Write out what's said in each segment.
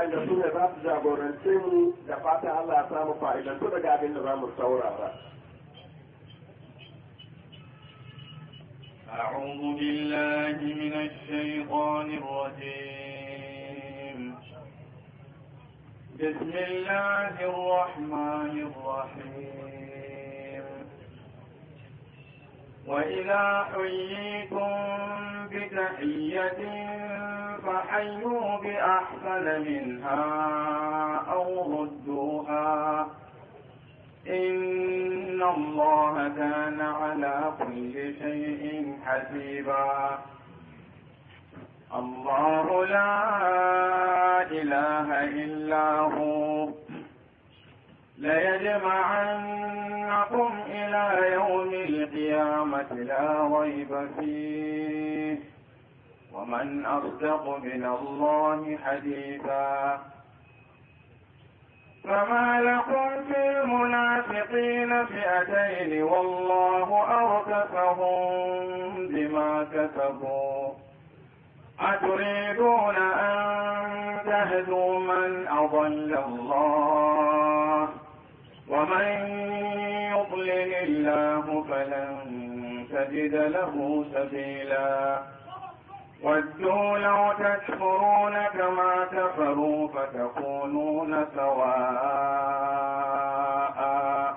wanda su ne za su jagorance mu da fatan Allah ya samu fa'idantu daga abin da za mu saurara. أعوذ بالله من الشيطان الرجيم بسم الله الرحمن الرحيم وإذا حييتم بتحية فحيوا بأحسن منها أو ردوها إن الله كان على كل شيء حسيبا الله لا إله إلا هو ليجمعنكم إلى يوم القيامة لا ريب فيه ومن أصدق من الله حديثا فما لكم في المنافقين فئتين والله أركفهم بما كسبوا أتريدون أن تهدوا من أضل الله ومن يضلل الله فلن تجد له سبيلا ودوا لو تكفرون كما كفروا فتكونون سواء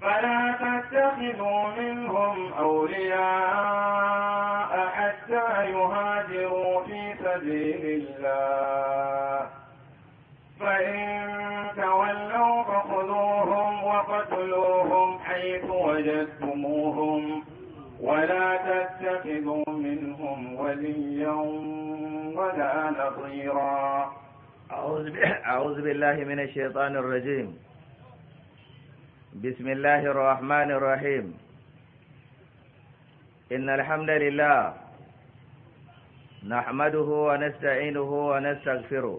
فلا تتخذوا منهم أولياء حتى يهاجروا في سبيل الله حيث وجدتموهم ولا تتخذوا منهم وليا ولا نصيرا أعوذ بالله من الشيطان الرجيم بسم الله الرحمن الرحيم إن الحمد لله نحمده ونستعينه ونستغفره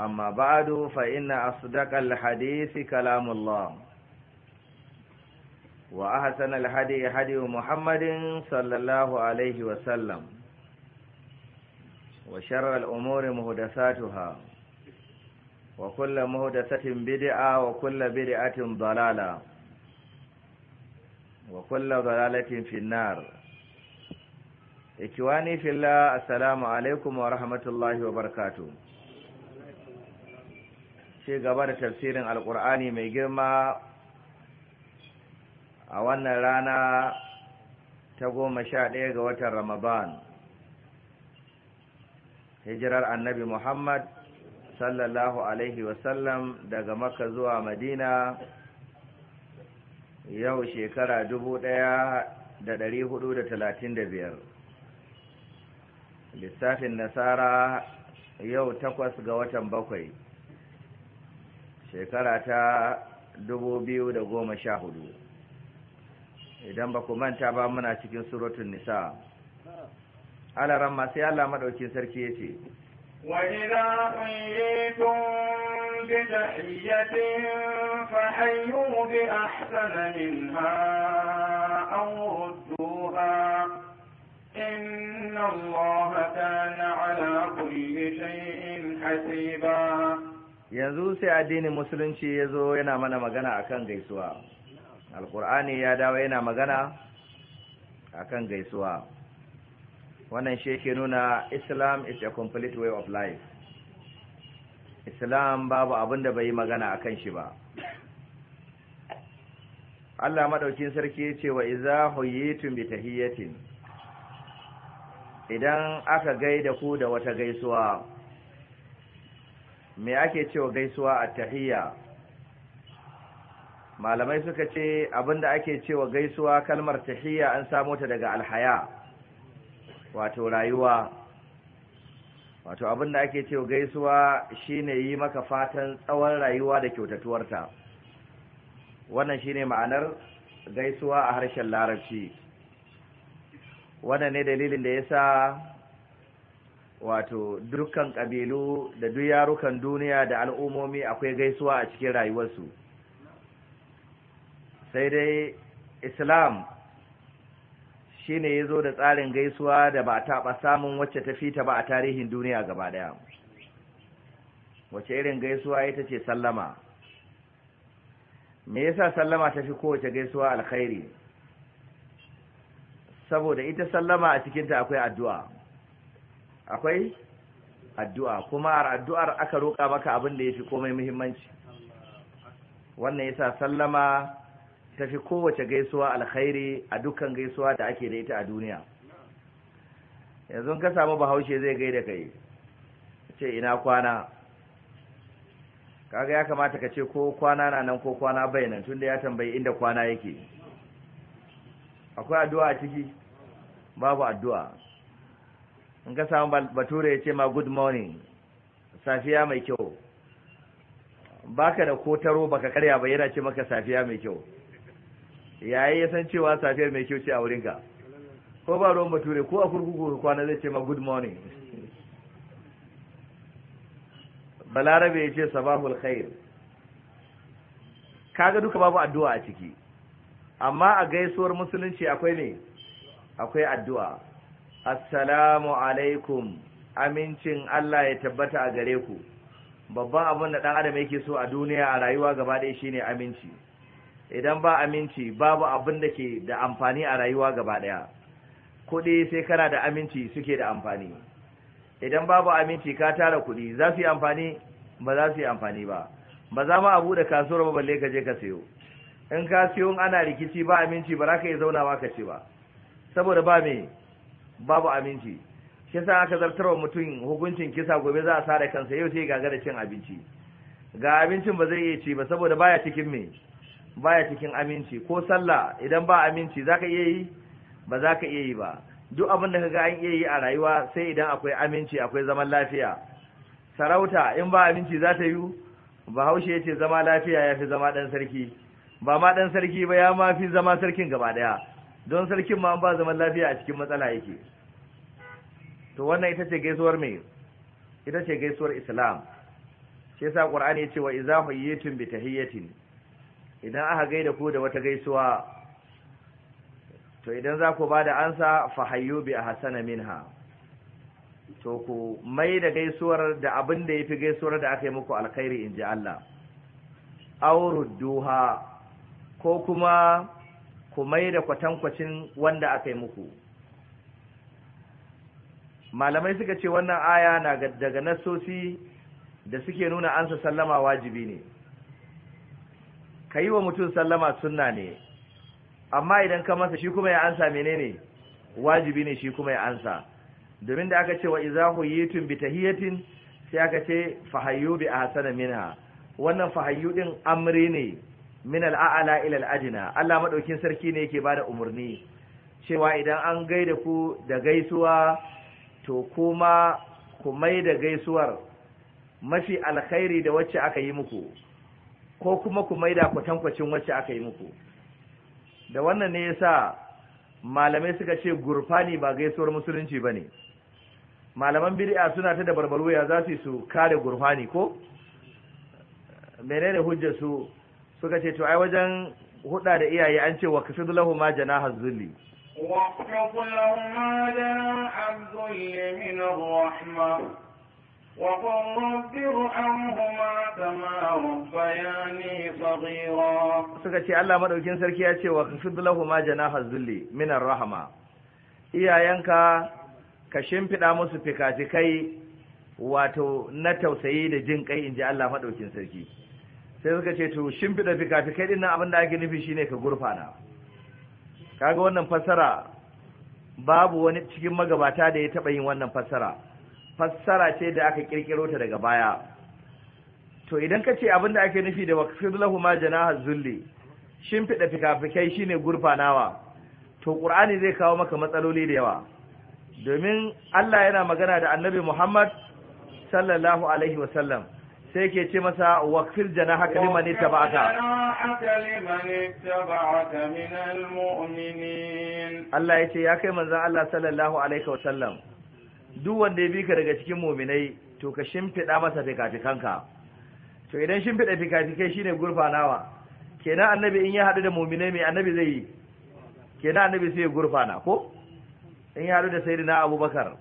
أما بعد فإن أصدق الحديث كلام الله وأحسن الحدي حدي محمد صلى الله عليه وسلم وشر الأمور مهدساتها وكل مهدسة بدعة وكل بدعة ضلالة وكل ضلالة في النار إخواني في الله السلام عليكم ورحمة الله وبركاته ci gaba da tafsirin alkur'ani mai girma a wannan rana ta goma sha ɗaya ga watan ramadan hijirar annabi muhammad sallallahu alaihi wasallam daga maka zuwa madina yau shekara dubu ɗaya da ɗari hudu da talatin da biyar lissafin nasara yau takwas ga watan bakwai shekara ta da goma sha hudu. idan ba ku manta ba muna cikin suratun nisa alaran masu yala Allah sarki yace ce wa'ida hanyar tunbi da hiyatin fahayyu bi a sana min ha inna allaha ta na'ala kulle shayin hasiba yanzu sai addinin musulunci ya zo yana mana magana akan gaisuwa alkur'ani ya dawo yana magana akan gaisuwa wannan shi ke nuna islam is a complete way of life islam babu abin da bai yi magana akan shi ba Allah maɗaukin sarki ya ce wa iza huyitum bi tahiyatin idan aka gaida ku da wata gaisuwa me ake cewa gaisuwa a tahiyya malamai suka ce abinda ake cewa gaisuwa kalmar tahiyya an samo ta daga alhaya wato rayuwa wato abinda ake cewa gaisuwa shine yi maka fatan tsawon rayuwa da kyautatuwarta wannan shine ma'anar gaisuwa a harshen larabci wannan ne dalilin da yasa wato dukkan ƙabilu da duk yarukan duniya da al'ummomi akwai gaisuwa a cikin rayuwarsu sai dai islam shi ne ya zo da tsarin gaisuwa da ba a taɓa samun wacce ta fita ba a tarihin duniya gaba ɗaya wacce irin gaisuwa ita ce sallama me yasa sallama ta fi kowace gaisuwa alkhairi saboda ita sallama a cikinta akwai addu'a akwai addu'a kuma a addu'ar aka roƙa maka abin da ya fi komai muhimmanci wannan yasa sallama ta fi kowace gaisuwa alkhairi a dukkan gaisuwa da ake da ita a duniya yanzu ka samu bahaushe zai gaida kai ce ina kwana kaga ya kamata ka ce ko kwana na nan ko kwana bai nan tunda ya tambayi inda kwana yake akwai addu'a a ciki babu addu'a in ka samu bature ya ce ma good morning safiya mai kyau baka da kotaro baka karya ba yana ce maka safiya mai kyau yayi ya san cewa safiyar mai kyau ce a wurinka ko ba ruwan bature ko a kurkuku kwana zai ce ma good morning balarabe ya ce sabahul khair kaga duka babu addu'a a ciki amma a gaisuwar musulunci akwai ne akwai addu'a assalamu alaikum amincin Allah ya tabbata a gare ku babban abin da ɗan adam yake so a duniya a rayuwa gaba ɗaya shine aminci idan ba aminci babu abin da ke da amfani a rayuwa gaba ɗaya kuɗi sai kana da aminci suke da amfani idan babu aminci ka tara kuɗi za su yi amfani ba za su yi amfani ba ba za ma a buɗe kasuwar ba balle ka je ka sayo in ka siyo ana rikici ba aminci ba za ka iya zaunawa ka ce ba saboda ba me babu aminci shi yasa aka wa mutum hukuncin kisa gobe za a sare kansa yau sai gagara cin abinci ga abincin ba zai iya ci ba saboda baya cikin me baya cikin aminci ko sallah idan ba aminci zaka iya yi ba za ka iya yi ba duk abin da ka ga an iya yi a rayuwa sai idan akwai aminci akwai zaman lafiya sarauta in ba aminci za ta yiwu bahaushe ya ce zama lafiya ya fi zama dan sarki ba ma ɗan sarki ba ya ma fi zama sarkin gaba ɗaya don sarkin ma ba zaman lafiya a cikin matsala yake to wannan ita ce gaisuwar mai ita ce gaisuwar islam shi yasa qur'ani yace wa idza hayyatin bi tahiyyatin idan aka gaida ku da wata gaisuwa to idan za ku bada ansa fa hayyu bi ahsana minha to ku mai da gaisuwar da abin da yafi gaisuwar da aka yi muku alkhairi ji Allah aw rudduha ko kuma ku mai da kwatankwacin wanda aka yi muku malamai suka ce wannan aya na daga nasosi da suke nuna ansa sallama wajibi ne ka yi wa mutum sallama sunna ne amma idan ka masa shi kuma ya ansa menene wajibi ne shi kuma ya ansa domin da aka ce wa izahu yitun bi tahiyatin sai aka ce fahayyu bi ahsana minha wannan fahayyu din amri ne min al'a'ala ila ajina, Allah madaukin sarki ne yake bada umarni cewa idan an gaida ku da gaisuwa to kuma ku mai da gaisuwar mafi alkhairi da wacce aka yi muku ko kuma ku mai da kwatankwacin wacce aka yi muku da wannan ne yasa malamai suka ce gurfani ba gaisuwar musulunci ba ne malaman bid'a suna ta da barbarwaya za su yi su kare gurfani ko menene hujjar su suka ce to ai wajen huda da iyaye an ce wa kasid lahuma janaha zulli wa qul lahuma janaha zulli min rahma wa qul rabbi irhamhuma kama rabbayani saghira suka ce Allah madaukin sarki ya ce wa lahu ma jana hazzuli min rahma iyayenka ka shimfiɗa musu fikafikai wato na tausayi da jin kai in ji Allah maɗaukin sarki sai suka ce to shimfiɗa fikafikai ɗin nan abin da ake nufi shine ka gurfana kaga wannan fassara babu wani cikin magabata da ya taɓa yin wannan fassara fassara ce da aka ƙirƙiro ta daga baya to idan ka ce abin da ake nufi da wakfir ma janaha zulli shimfiɗa fikafikai shine gurfanawa to ƙur'ani zai kawo maka matsaloli da yawa domin Allah yana magana da annabi Muhammad sallallahu alaihi wasallam sai ke ce masa wakfir jana haka liman ba aka Allah ya ce ya kai manzan Allah sallallahu alaihi wasallam duk wanda ya bi ka daga cikin muminai to ka shimfiɗa masa fikafikanka to idan shimfiɗa fikafikai shine gurfanawa kenan annabi in ya haɗu da muminai mai annabi zai yi kenan annabi sai ya gurfana ko in ya haɗu da sayyidina abubakar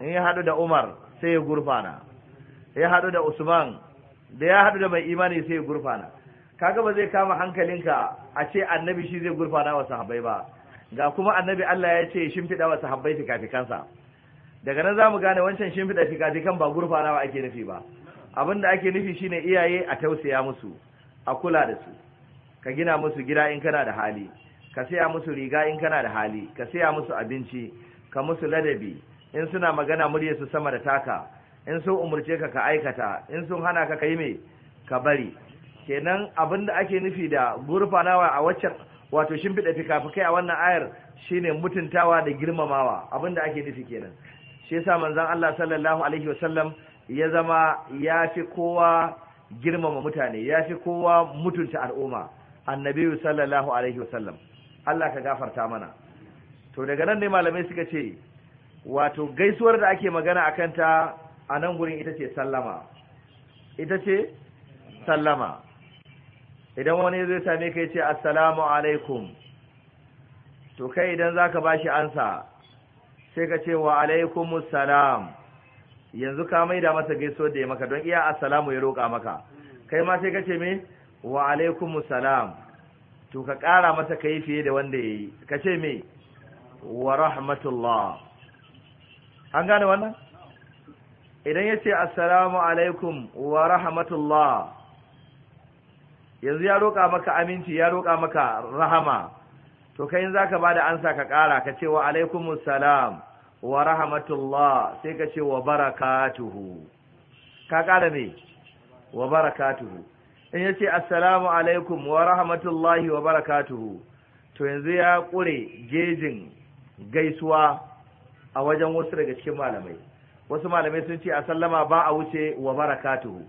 in ya haɗu da umar sai ya gurfana ya haɗu da usman da ya haɗu da mai imani sai ya gurfana kaga ba zai kama hankalinka a ce annabi shi zai gurfana wa sahabbai ba ga kuma annabi Allah ya ce shimfiɗa wa sahabbai fikafikansa daga nan zamu gane wancan shimfiɗa fikafikan ba gurfanawa ake nufi ba abin da ake nufi shine iyaye a tausaya musu a kula da su ka gina musu gida in kana da hali ka saya musu riga in kana da hali ka saya musu abinci ka musu ladabi in suna magana muryarsu sama da taka in sun umurce ka ka aikata in sun hana ka kai me ka bari kenan abin da ake nufi da gurfanawa a waccan wato shimfiɗa fikafikai a wannan ayar shine mutuntawa da girmamawa abin da ake nufi kenan shi yasa manzon Allah sallallahu alaihi wasallam ya zama ya fi kowa girmama mutane ya fi kowa mutunta al'umma annabi sallallahu alaihi wasallam Allah ka gafarta mana to daga nan ne malamai suka ce wato gaisuwar da ake magana akan ta a nan gurin ita ce sallama ita ce sallama idan wani zai same ka ce assalamu alaikum to kai idan za ka ba shi ansa sai ka ce wa alaikumussalam yanzu ka da masa gaiso da ya maka don iya assalamu ya roƙa maka kai ma sai ka ce me wa alaikumussalam to ka ƙara masa ka yi fiye da wanda ya yi ka ce me wa rahmatullah an gane wannan idan ya ce assalamu alaikum wa rahmatullah yanzu ya roƙa maka aminci ya roƙa maka rahama to kai in zaka bada ansa ka ƙara ka ce wa alaikumus salam wa rahmatullah sai ka ce wa barakatuhu ka ƙara me wa barakatuhu in ya ce assalamu alaikum wa rahmatullahi wa barakatuhu to yanzu ya ƙure gejin gaisuwa a wajen wasu daga cikin malamai wasu malamai sun ce a sallama ba a wuce wa barakatuhu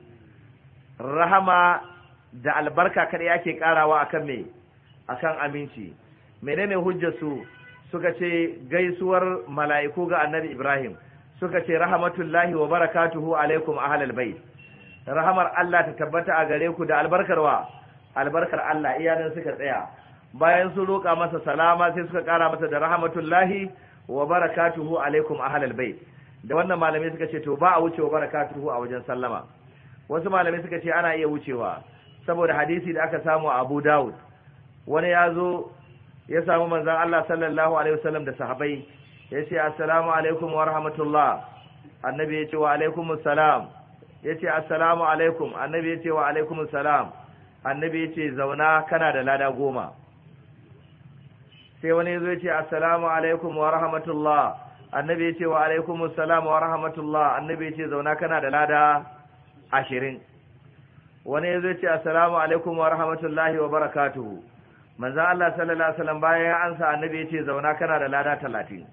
rahama da albarka kada yake karawa akan me akan aminci menene hujjar su suka ce gaisuwar mala'iku ga annabi Ibrahim suka ce rahmatullahi wa barakatuhu alaikum ahlal bait rahamar Allah ta tabbata a gare ku da albarkarwa albarkar Allah iyanan suka tsaya bayan su roƙa masa salama sai suka ƙara masa da rahmatullahi wa barakatuhu alaikum ahlal bait da wannan malamai suka ce to ba a wucewa barakatuhu a wajen sallama wasu malamai suka ce ana iya wucewa saboda hadisi da aka samu a Abu Dawud wani ya zo ya samu manzon Allah sallallahu alaihi wasallam da sahabbai ya ce assalamu alaikum wa rahmatullah annabi ya ce wa alaikum salam ya ce assalamu alaikum annabi ya ce wa alaikum salam annabi ya ce zauna kana da lada goma sai wani ya zo ya ce assalamu alaikum wa rahmatullah annabi ya ce wa alaikum salam wa rahmatullah annabi ya ce zauna kana da lada ashirin wani ya zo ce assalamu alaikum wa rahmatullahi wa barakatuhu manzan Allah sallallahu alaihi wasallam bayan ya ansa annabi ya ce zauna kana da lada talatin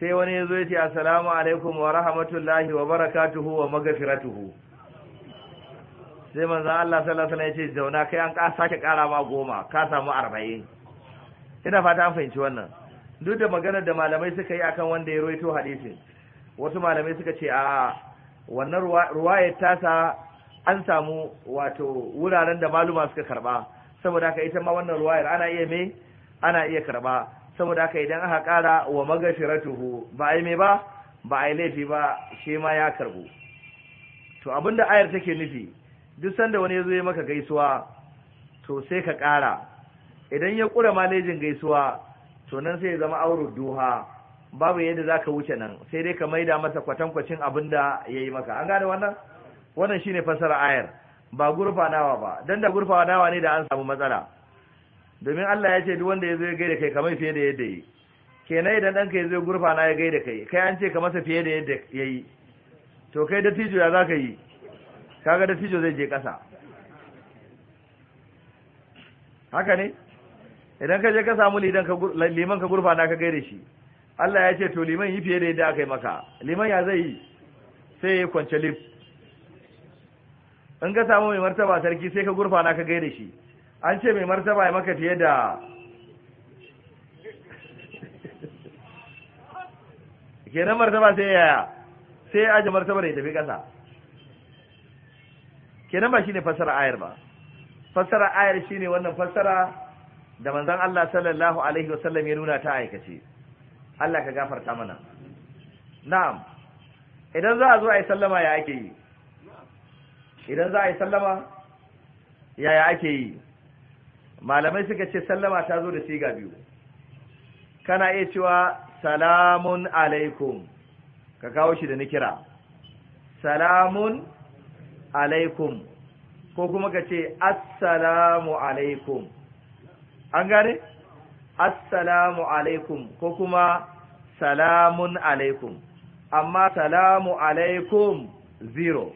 sai wani ya zo ya ce assalamu alaikum wa rahmatullahi wa barakatuhu wa magfiratuhu sai manzan Allah sallallahu alaihi wasallam ya ce zauna kai an ka sake kara ma goma ka samu arba'in ina fata an fahimci wannan duk da maganar da malamai suka yi akan wanda ya roito hadisin wasu malamai suka ce a wannan ruwayar tasa an samu wato wuraren da maluma suka karba saboda haka ita ma wannan ruwayar ana iya me ana iya karba saboda haka idan aka kara wa magashiratuhu ba ai me ba ba ai laifi ba shi ma ya karbu to abinda ayar take nufi duk sanda wani yazo zo ya maka gaisuwa to sai ka kara idan ya kura malejin gaisuwa to nan sai ya zama auru duha babu yadda zaka wuce nan sai dai ka maida masa kwatankwacin abin da yayi maka an gane wannan wannan shine fasara ayar ba gurfa nawa ba dan da gurfa nawa ne da an samu matsala domin Allah ya ce duk wanda ya zo ya gaida kai kamar fiye da yadda yi kenan idan ka ya zo na ya gaida kai kai an ce ka masa fiye da yadda ya yi to kai dattijo ya zaka yi kaga dattijo zai je ƙasa haka ne idan ka je ka samu liman ka na ka gaida shi Allah ya ce to liman yi fiye da yadda aka yi maka liman ya zai yi sai ya kwance lif in ka samu mai martaba sarki sai ka gurfa na ka gaida shi an ce mai martaba ya maka fiye da kenan martaba sai yaya sai aje martaba da ya tafi ƙasa kenan ba shine fassara ayar ba fassara ayar shine wannan fassara da manzon Allah sallallahu alaihi wasallam ya nuna ta aikace Allah ka gafarta mana na'am idan za a zo a yi sallama ya ake yi idan za a yi sallama ya ya ake yi malamai suka ce sallama ta zo da siga biyu kana iya cewa salamun alaikum ka kawo shi da nikira salamun alaikum ko kuma ka ce assalamu alaikum an gane assalamu alaikum ko kuma salamun alaikum amma salamu alaikum zero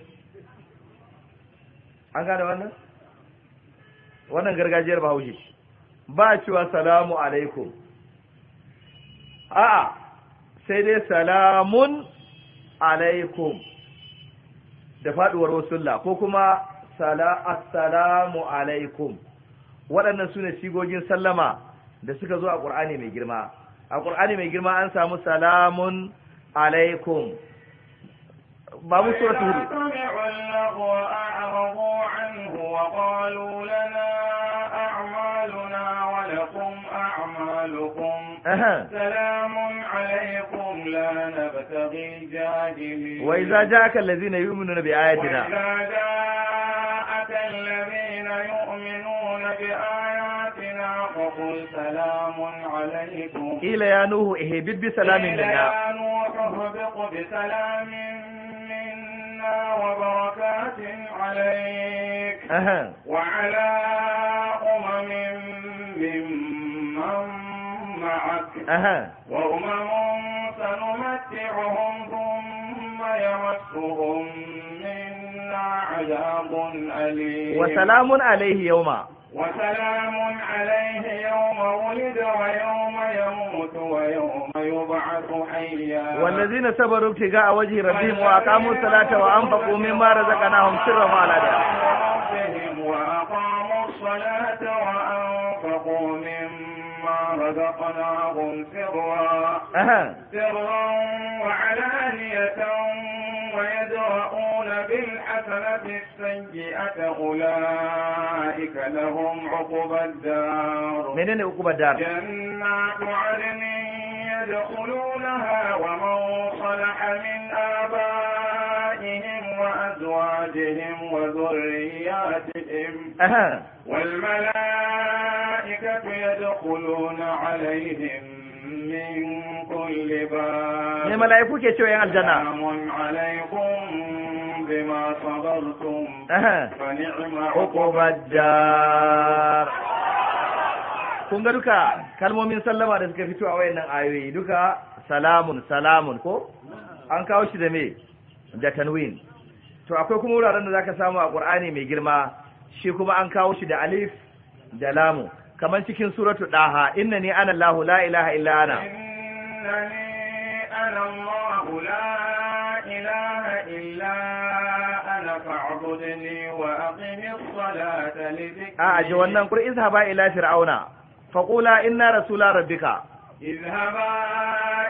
an gane wannan wannan gargajiyar bahaushe ba cewa salamu alaikum a'a sai dai salamun alaikum da faduwar wasu ko kuma assalamu alaikum waɗannan su ne sigogin sallama da suka zo a ƙur'ani mai girma a ƙur'ani mai girma an samu salamun alaikum ba mu suratu hudu سلام عليكم لا نبتغي الجاهلين وإذا جاءك الذين يؤمنون بآياتنا وإذا جاءك فقل سلام عليكم قيل يا نوح اهبط بسلام منا قيل يا نوح اهبط بسلام منا وبركات عليك أه. وعلى أمم ممن معك أه. وأمم سنمتعهم ثم يمسهم منا عذاب أليم وسلام عليه يوما وسلام عليه يوم ولد ويوم يموت ويوم يبعث حيا والذين صبروا ابتغاء وجه ربهم واقاموا الصلاه وانفقوا مما رزقناهم سرا وعلانيا واقاموا الصلاه وانفقوا مما رزقناهم سرا سرا وعلانيه حصلت السيئة أولئك لهم عقبى الدار من عقبى الدار جنات عدن يدخلونها ومن صلح من آبائهم وأزواجهم وذرياتهم والملائكة يدخلون عليهم من كل باب. من ملائكة يا الجنة. سلام عليكم بما صبرتم فنعم عقب الدار kun ga duka kalmomin sallama da suka fito a wayannan ayoyi duka salamun salamun ko an kawo shi da me da tanwin to akwai kuma wuraren da zaka samu a Qur'ani mai girma shi kuma an kawo shi da alif da lamu kamar cikin suratu daha innani ana la ilaha illa ana innani ana la إله إلا أنا فاعبدني وأقم الصلاة لذكري أعجب أن نقول اذهبا إلى فرعون فقولا إنا رسول ربك اذهبا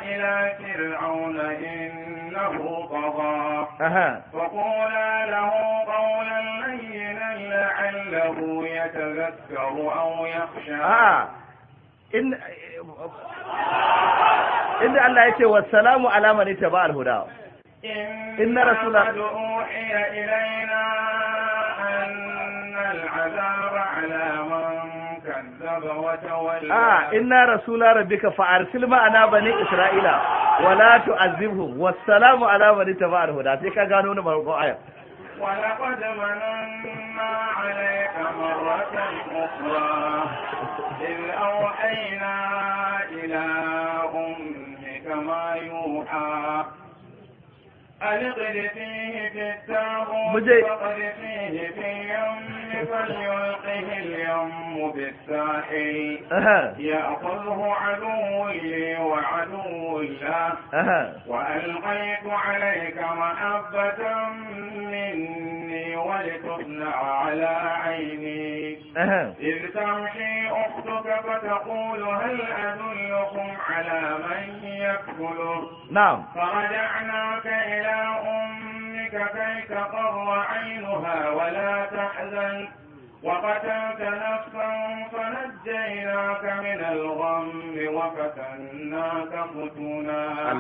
إلى فرعون إنه طغى أها. فقولا له قولا لينا لعله يتذكر أو يخشى آه. إن إن الله يتوى السلام على من اتبع الهدى إن رسول قد إلينا أن العذاب على من كذب وتولى آه إن رسول ربك فأرسل معنا بني إسرائيل ولا تعذبهم والسلام على من اتبع الهدى sai ka gano ni marko ولقد مننا عليك مرة أخرى إذ أوحينا إلى أمك ما يوحى ألقد فيه في التابوت فقد فيه في اليم فليلقه اليم بالساحل أه. يأخذه عدوي لي وعدو له وألقيت عليك محبة مني ولتصنع على عيني أه. إذ تمشي أختك فتقول هل أدلكم على من يكفله نعم فرجعناك إلى أمك كي تقر عينها ولا تحزن وقتلت نفسا فنجيناك من الغم وفتناك فتونا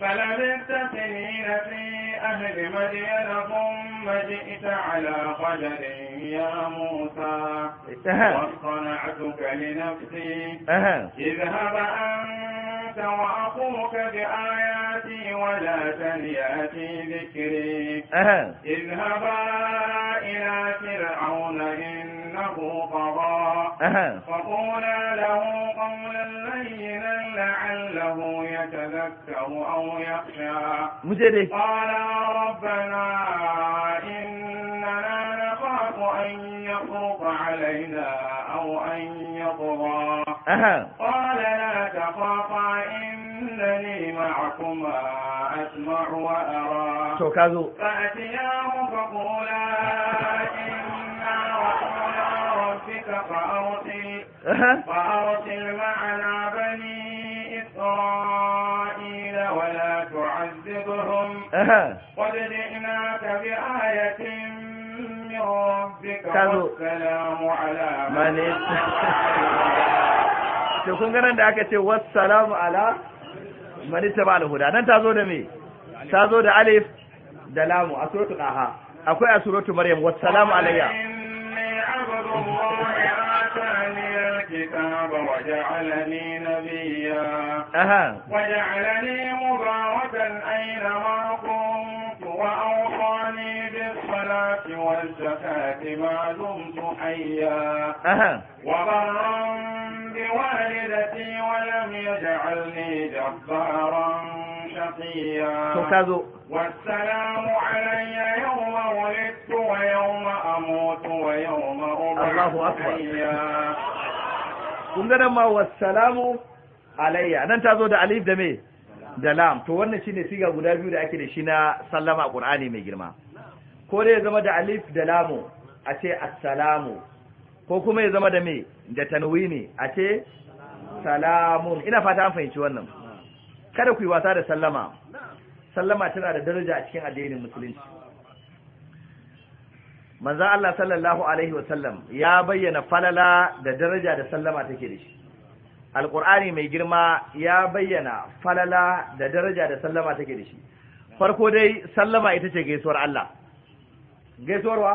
فلم تقنين في أهل مدين ثم جئت على قدر يا موسى واصطنعتك لنفسي اذهب أنت وأخوك بآياتي ولا تنيا في ذكري اذهبا إلى فرعون إن قضاء فقولا له قولا لينا لعله يتذكر أو يخشى مجرد قال ربنا إننا نخاف أن يفرط علينا أو أن يطغى قال لا تخافا إنني معكما أسمع وأرى فأتياه فقولا فأرسل معنا بني إسرائيل ولا تعذبهم قد جئناك بآية من ربك والسلام على من to kun ganin da aka ce wassalamu ala mani taba alhuda nan ta zo da me ta zo da alif da lamu a suratu aha akwai a suratu maryam wassalamu alayya اعبد الله آتاني الكتاب وجعلني نبيا أها. وجعلني مباركا أينما كنت وأوصاني بالصلاة والزكاة ما دمت حيا أها. وبرا بوالدتي ولم يجعلني جبارا كثيرا تكازو yau ma a motu wa yau ma أبعث Allahu أكبر kun gada ma wassalamu alayya nan ta zo da alif da me da lam to wannan shine siga guda biyu da ake da shi na sallama a qur'ani mai girma ko dai ya zama da alif da lamu a ce assalamu ko kuma ya zama da me da tanwini a ce salamun ina fata an fahimci wannan kada ku yi wasa da sallama sallama tana da daraja a cikin addinin musulunci manzo Allah sallallahu alaihi wa sallam ya bayyana falala da daraja da sallama take da shi alqur'ani mai girma ya bayyana falala da daraja da sallama take da shi farko dai sallama ita ce gaisuwar Allah Gaisuwar wa?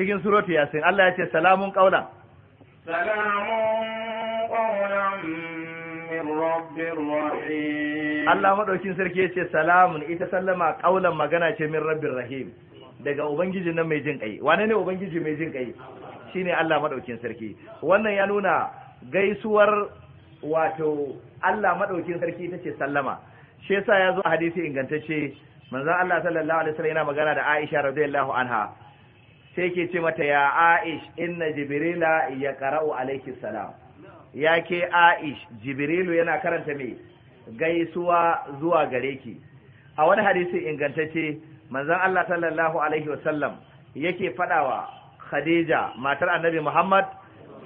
cikin suratu yasin Allah ya ce salamun qaulan salamun rabbir rahim Allah madaukin sarki yace salamun ita sallama kaulan magana ce min rabbir rahim daga ubangiji nan mai jin kai wane ne ubangiji mai jin kai shine Allah madaukin sarki wannan ya nuna gaisuwar wato Allah madaukin sarki ita ce sallama shi yasa ya zo a hadisi ingantacce manzon Allah sallallahu alaihi wasallam yana magana da Aisha radiyallahu anha sai ke ce mata ya Aish inna jibrila ya qara'u alayki salam ya ke aish jibrilu yana karanta mai gaisuwa zuwa gare ki a wani hadisi ingantacce manzon Allah sallallahu alaihi wasallam yake fadawa khadija matar annabi muhammad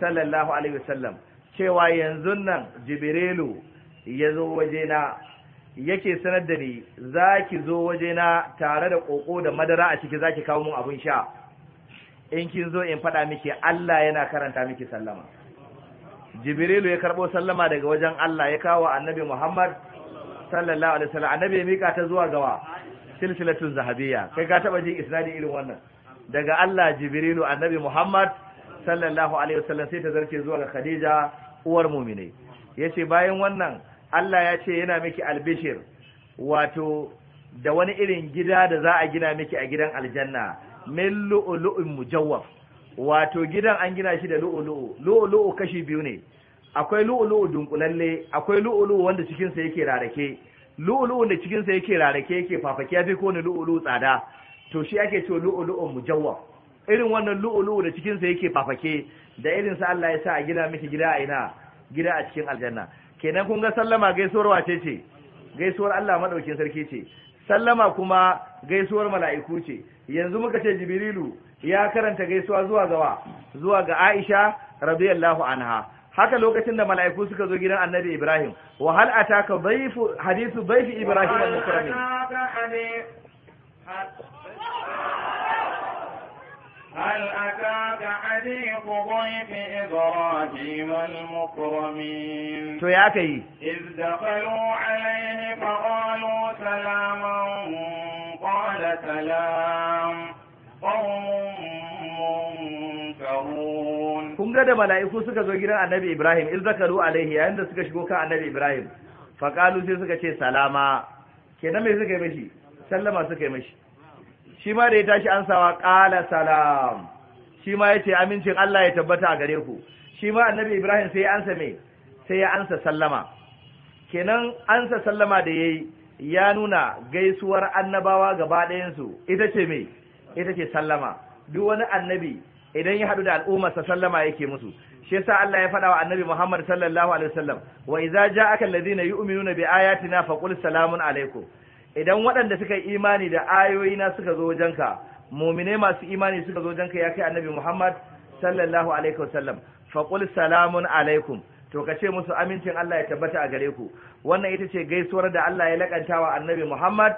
sallallahu alaihi wasallam cewa yanzu nan jibrilu ya zo wajena yake sanar da ni za ki zo wajena tare da ƙoƙo da madara a ciki za ki kawo mun abin sha in kin zo in faɗa miki Allah yana karanta miki sallama jibrilu ya karbo sallama daga wajen Allah ya kawo annabi Muhammad sallallahu alaihi wasallam annabi ya mika ta zuwa gawa silsilatun zahabiyya kai ka taba ji isnadi irin wannan daga Allah jibrilu annabi Muhammad sallallahu alaihi wasallam sai ta zarce zuwa ga Khadija uwar mu'minai yace bayan wannan Allah ya ce yana miki albishir wato da wani irin gida da za a gina miki a gidan aljanna min lu'lu'in mujawwaf wato gidan an gina shi da lu'ulu'u lu'ulu'u kashi biyu ne akwai lu'ulu'u dunkulalle akwai lu'ulu'u wanda cikin sa yake rarake lu'ulu'u da cikin sa yake rarake yake fafake yafi ko ne lu'ulu'u tsada to shi ake cewa lu'ulu'u mujawwab irin wannan lu'ulu'u da cikin sa yake fafake da irin sa Allah ya sa a gina miki gida a ina gida a cikin aljanna kenan kun ga sallama gaisuwar wace ce gaisuwar Allah madaukin sarki ce sallama kuma gaisuwar mala'iku ce yanzu muka ce jibrilu ya karanta gaisuwa zuwa gawa zuwa ga Aisha radiyallahu anha haka lokacin da mala'iku suka zo gidan annabi Ibrahim wa hal ataka dhaifu hadithu dhaifi Ibrahim al-mukarramin هل أتاك حديث ضيف إبراهيم المكرمين تو ياكي إذ دخلوا عليه فقالوا سلاما قال سلام قوم kun ga da mala'iku suka zo gidan annabi ibrahim iz zakaru alaihi yayin da suka shigo kan annabi ibrahim fa sai suka ce salama kenan me suka yi mishi sallama suka yi mishi shi ma da ya tashi ansawa qala salam shi ma yace amincin Allah ya tabbata a gare ku shi ma annabi ibrahim sai ya ansa me sai ya ansa sallama kenan ansa sallama da yayi ya nuna gaisuwar annabawa gaba ɗayansu ita ce me ita ce sallama duk wani annabi idan ya haɗu da sa sallama yake musu shi yasa Allah ya faɗa wa annabi Muhammad sallallahu alaihi wasallam wa idza ja'aka alladhina yu'minuna bi ayatina qul salamun alaikum idan waɗanda suka yi imani da ayoyina suka zo wajenka mu'mine masu imani suka zo wajenka ya kai annabi Muhammad sallallahu alaihi wasallam qul salamun alaikum to ka ce musu amincin Allah ya tabbata a gare ku wannan ita ce gaisuwar da Allah ya wa annabi Muhammad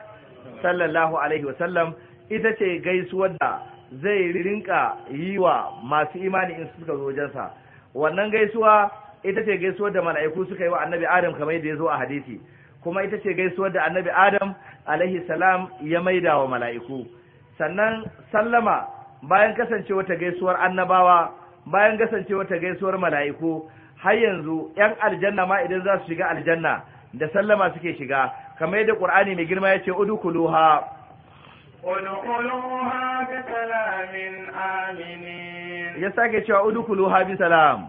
sallallahu alaihi wasallam ita ce gaisuwar da zai rinka yi wa masu imani in suka zo wajensa wannan gaisuwa ita ce gaisuwar da mala'iku suka yi wa annabi adam kamar yadda ya zo a hadisi kuma ita ce gaisuwar da annabi adam alaihi salam ya maida wa mala'iku sannan sallama bayan kasancewa ta gaisuwar annabawa bayan kasancewa ta gaisuwar mala'iku har yanzu yan aljanna ma idan za su shiga aljanna da sallama suke shiga kamar yadda qur'ani mai girma ya ce udkhuluha Kulqullu haɓe talamin, Ya sake cewa udkulhu, Habisalam.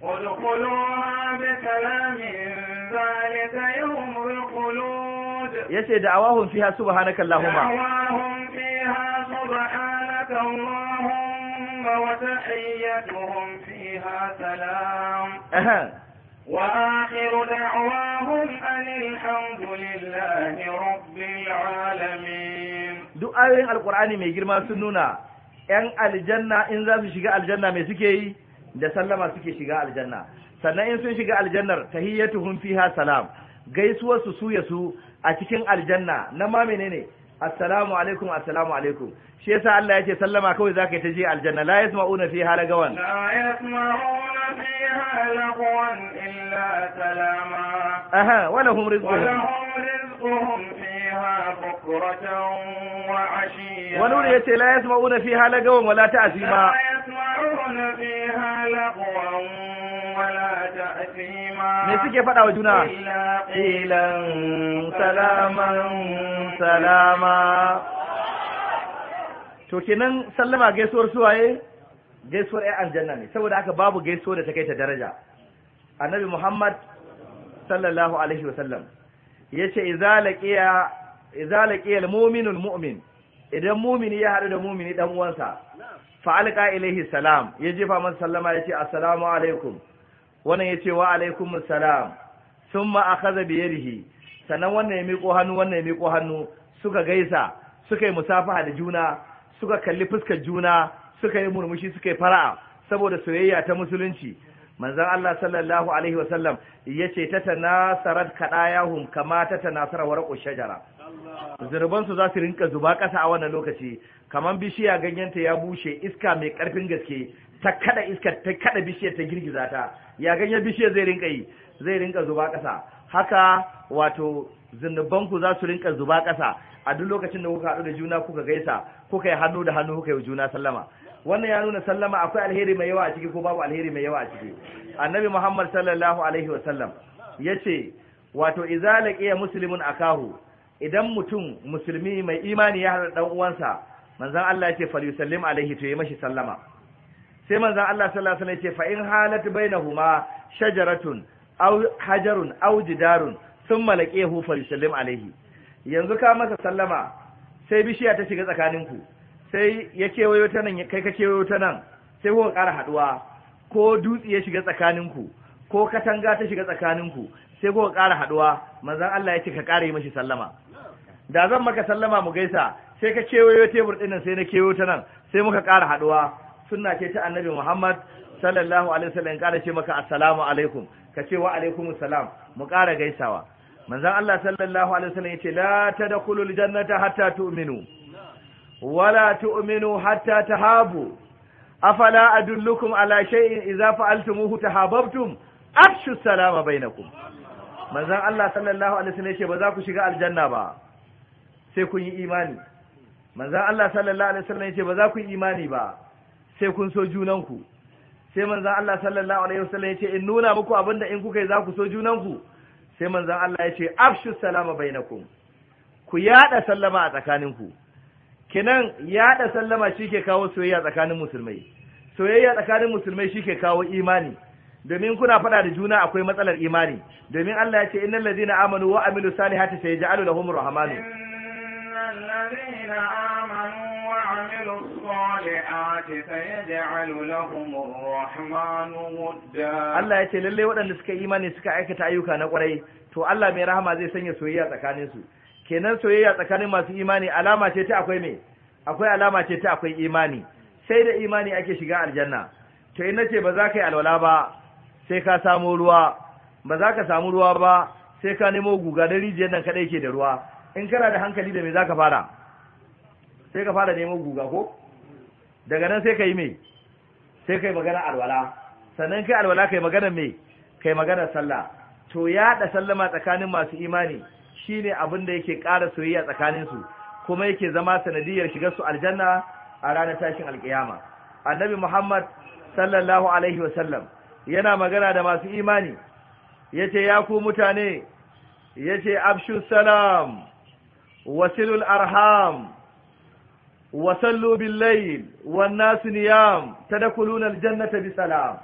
Kulqullu haɓe talamin, Salisu ya yi umar Kulud. Ya ce da'awa hunfiha subax ha na kalla kalla huma, wata وآخر دعواهم أن الحمد لله رب العالمين duk ayoyin alkur'ani mai girma sun nuna ‘yan aljanna in za su shiga aljanna mai suke yi da sallama suke shiga aljanna sannan in sun shiga aljannar tahiyyatuhum fiha salam gaisuwar su suya su a cikin aljanna na ma menene assalamu alaikum assalamu alaikum shi yasa Allah ya ce sallama kawai zaka yi ta je aljanna la yasma'una fiha lagawan la yasma'una فيها لغوا إلا سلاما أها ولهم رزقهم ولهم رزقهم فيها بكرة وعشيا ونور لا يسمعون فيها لغوا ولا تأثيما لا يسمعون فيها لغوا ولا تأثيما me suke فتا وجنا إلا قيلا سلاما سلاما to kenan sallama gaisuwar suwaye gaisuwar ‘yan aljanna ne saboda haka babu gaisuwar da ta kai ta daraja annabi muhammad sallallahu alaihi wasallam ya ce iza laƙiyar muminul mumin idan mumini ya haɗu da mumini ɗan uwansa fa'alƙa ilaihi salam ya jefa masa sallama ya ce assalamu alaikum wannan ya ce wa alaikum salam sun ma'akaza biyarihi sannan wannan ya miƙo hannu wannan ya miƙo hannu suka gaisa suka yi musafaha da juna suka kalli fuskar juna suka yi murmushi suka yi fara'a saboda soyayya ta musulunci manzon Allah sallallahu alaihi wasallam yace ta tanasarat kadayahum kama ta tanasara warqu shajara zurban su za su rinka zuba kasa a wannan lokaci Kamar bishiya ganyenta ya bushe iska mai karfin gaske ta kada iska ta kada bishiyar ta girgiza ta ya ganyen bishiyar zai rinka yi zai rinka zuba kasa haka wato ku za su rinka zuba ƙasa a duk lokacin da kuka haɗu da juna kuka gaisa kuka yi hannu da hannu kuka yi juna sallama wannan ya nuna sallama akwai alheri mai yawa a ciki ko babu alheri mai yawa a ciki annabi muhammad sallallahu alaihi wasallam ya ce wato idza laqiya muslimun akahu idan mutum musulmi mai imani ya haɗa dan uwansa manzon Allah ya ce yusallim alaihi to yi mashi sallama sai manzon Allah sallallahu alaihi wasallam ya ce fa in halat bainahuma shajaratun aw hajarun aw jidarun thumma laqiyahu yusallim alaihi yanzu ka masa sallama sai bishiya ta shiga tsakaninku sai ya kewayo ta nan kai ka kewayo ta nan sai kuka ƙara haɗuwa ko dutse ya shiga tsakaninku ko katanga ta shiga tsakaninku sai kuka ƙara haɗuwa manzon Allah ya ce ka ƙara yi mashi sallama da zan maka sallama mu gaisa sai ka kewayo tebur ɗin nan sai na kewayo ta nan sai muka ƙara haɗuwa sunna ce ta annabi Muhammad sallallahu alaihi wasallam ƙara ce maka assalamu alaikum ka ce wa alaikum salam mu ƙara gaisawa manzon Allah sallallahu alaihi wasallam ya ce la tadkhulul jannata hatta tu'minu ولا تؤمنوا حتى تهابوا أفلا أدلكم على شيء إذا فعلتموه تهاببتم أفشوا السلام بينكم manzon Allah sallallahu alaihi wasallam yace ba za ku shiga aljanna ba sai kun yi imani manzon Allah sallallahu alaihi wasallam yace ba za ku yi imani ba sai kun so junanku sai manzon Allah sallallahu alaihi wasallam yace in nuna muku abinda in kuka yi za ku so junanku sai manzon Allah yace afshu salama bainakum ku yada sallama a tsakaninku kenan yaɗa sallama shi ke kawo soyayya tsakanin musulmai soyayya tsakanin musulmai shi ke kawo imani domin kuna faɗa da juna akwai matsalar imani domin Allah ya ce innal ladina amanu wa amilu salihati sayaj'alu lahum rahmanu innal ladina amanu wa amilu salihati sayaj'alu lahum rahmanu Allah ya ce lalle waɗanda suka imani suka aikata ayyuka na ƙwarai to Allah mai rahama zai sanya soyayya tsakanin su kenan soyayya tsakanin masu imani alama ce ta akwai me akwai alama ce ta akwai imani sai da imani ake shiga aljanna to in nace ba za ka yi alwala ba sai ka samu ruwa ba za ka samu ruwa ba sai ka nemo guga da rijiyar nan kadai ke da ruwa in kana da hankali da me za ka fara sai ka fara nemo guga ko daga nan sai ka yi me sai ka yi magana alwala sannan kai alwala kai magana me kai magana sallah to yaɗa sallama tsakanin masu imani ne abin da yake ƙara soyayya tsakaninsu kuma yake zama sanadiyar shiga su aljanna a ranar tashin alkiyama annabi muhammad sallallahu alaihi wasallam yana magana da masu imani yace ya ku mutane yace abshu salam wasilul arham wasallu bil layl wan nas niyam tadkhuluna aljannata bi salam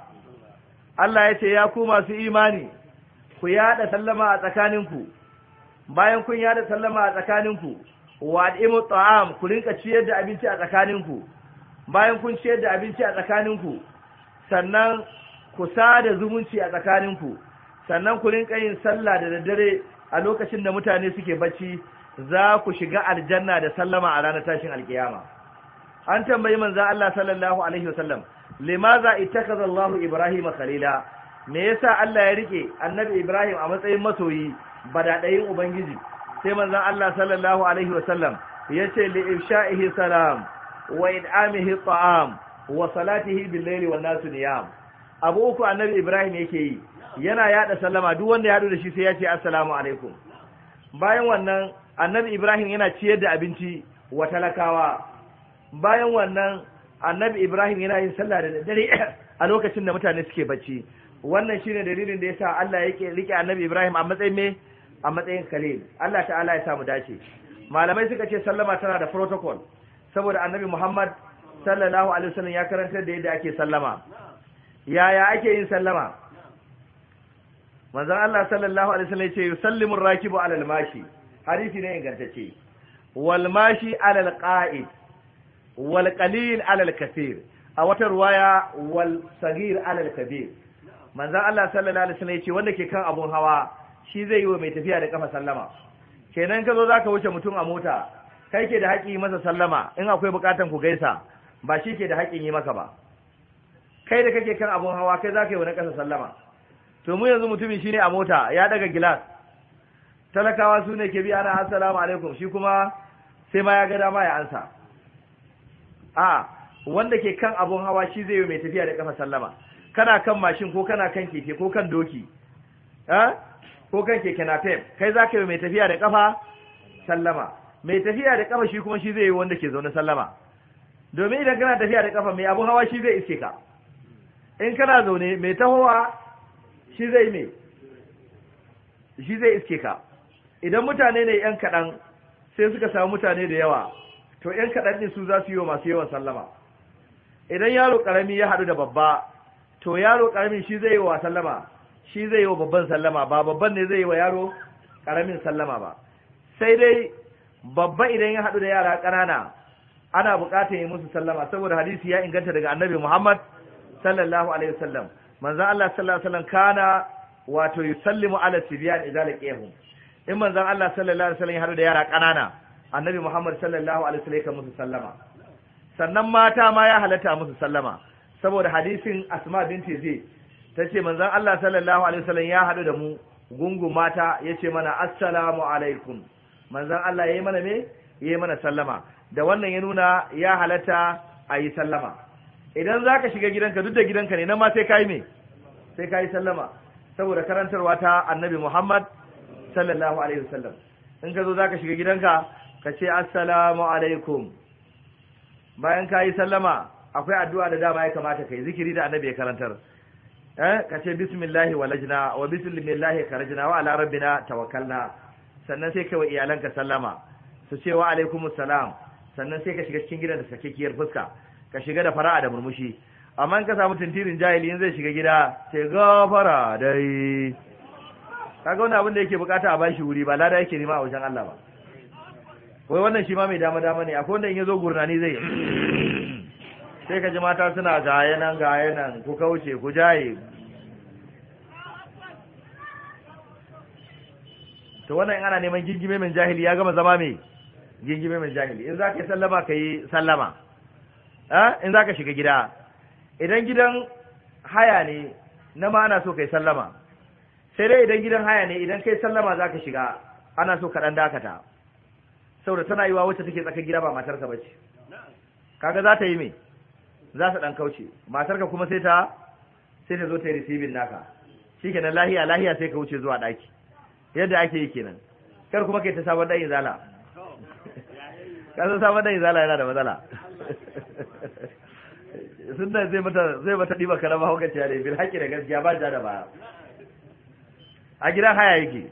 Allah yace ya ku masu imani ku yada sallama a tsakaninku bayan kun yada sallama a tsakaninku wa imu ta'am ku rinka ciyar da abinci a tsakaninku bayan kun ciyar da abinci a tsakaninku sannan ku sada zumunci a tsakaninku sannan ku rinka yin sallah da daddare a lokacin da mutane suke bacci za ku shiga aljanna da sallama a ranar tashin alkiyama an tambayi manzo Allah sallallahu alaihi wasallam limaza ittakaza Allah Ibrahim khalila me yasa Allah ya rike annabi Ibrahim a matsayin masoyi badadayin ubangiji sai manzon Allah sallallahu alaihi wa sallam yace li ifsha'ihi salam wa id'amihi ta'am wa salatihi bil layli wan nasu niyam abu uku annabi Ibrahim yake yi yana yada sallama duk wanda ya hadu da shi sai ya ce assalamu alaikum bayan wannan annabi Ibrahim yana ciyar da abinci wa talakawa bayan wannan annabi Ibrahim yana yin sallah da dare a lokacin da mutane suke bacci wannan shine dalilin da yasa Allah yake rike annabi Ibrahim a matsayin me a matsayin kalil Allah ta'ala ya samu dace malamai suka ce sallama tana da protocol saboda annabi Muhammad sallallahu alaihi wasallam ya karantar da yadda ake sallama yaya ake yin sallama manzon Allah sallallahu alaihi wasallam ya ce yusallimu rakibu al mashi hadisi ne ingantacce wal mashi alal qa'id wal qalil alal kathir a wata ruwaya wal sagir alal kabir manzon Allah sallallahu alaihi wasallam ya ce wanda ke kan abun hawa shi zai yi wa mai tafiya da kafa sallama kenan ka zo za ka wuce mutum a mota kai ke da haƙƙi masa sallama in akwai buƙatan ku gaisa ba shi ke da haƙƙin yi maka ba kai da kake kan abun hawa kai za ka yi wani ƙasa sallama to mu yanzu mutumin shi ne a mota ya daga gilas talakawa su ne ke bi ana assalamu alaikum shi kuma sai ma ya ga dama ya ansa a wanda ke kan abun hawa shi zai yi mai tafiya da kafa sallama kana kan mashin ko kana kan keke ko kan doki eh? ko kan keke napep kai za ka yi mai tafiya da kafa sallama mai tafiya da kafa shi kuma shi zai yi wanda ke zaune sallama domin idan kana tafiya da kafa mai abu hawa shi zai iske ka in kana zaune mai tahowa shi zai mai shi zai iske ka idan mutane ne yan kaɗan sai suka samu mutane da yawa to yan kaɗan ne su za su yi wa masu yawan sallama idan yaro ƙarami ya haɗu da babba to yaro ƙarami shi zai yi wa sallama shi zai yi wa babban sallama ba babban ne zai yi wa yaro ƙaramin sallama ba sai dai babba idan ya haɗu da yara ƙanana ana buƙatar yi musu sallama saboda hadisi ya inganta daga annabi muhammad sallallahu alaihi wasallam manzo allah sallallahu alaihi wasallam kana wato yusallimu ala sibyan idza laqiyahum in manzo allah sallallahu alaihi wasallam ya haɗu da yara ƙanana annabi muhammad sallallahu alaihi wasallam ya musu sallama sannan mata ma ya halatta musu sallama saboda hadisin asma binti zai ta ce manzan Allah sallallahu alaihi wasallam ya haɗu da mu gungun mata ya ce mana assalamu alaikum manzan Allah ya yi mana me ya yi mana sallama da wannan ya nuna ya halatta a yi sallama idan za ka shiga gidanka duk da gidanka ne nan ma sai ka yi me sai ka yi sallama saboda karantarwa ta annabi muhammad sallallahu alaihi wasallam in ka zo za ka shiga gidanka ka ce assalamu alaikum bayan ka yi sallama akwai addu'a da dama ya kamata ka yi zikiri da annabi ya karantar Eh, ka ce bismillahi walajna wa bismillahi karajna wa ala rabbina tawakkalna sannan sai kai wa iyalanka sallama su ce wa alaikumus salam sannan sai ka shiga cikin gidan da sakekiyar fuska ka shiga da fara'a da murmushi amma in ka samu tuntirin jahili in zai shiga gida sai gafara dai kaga wannan abin da yake bukata a bashi wuri ba lada yake nema a wajen Allah ba wai wannan shi ma mai dama dama ne akwai wanda in ya zo gurnani zai sai ka ji mata suna gaya nan gaya nan ku kauce ku jaye to wannan ana neman gingime min jahili ya gama zama mai gingime min jahili in za ka yi sallama ka yi sallama in za ka shiga gida idan gidan haya ne na ma ana so ka yi sallama sai dai idan gidan haya ne idan ka yi sallama za ka shiga ana so ka ɗan dakata saboda tana yi wa wacce take tsakar gida ba matarka ba ce kaga za ta yi me za su dan kauce matarka kuma sai ta sai ta zo ta yi receiving naka shikenan lahiya lahiya sai ka wuce zuwa daki yadda ake yi kenan kar kuma kai ta sabon dan izala kasan sabon dan izala yana da matsala sun da zai mata zai mata diba karama haukaciya ne bil haƙi da gaskiya ba da ba a gidan haya yake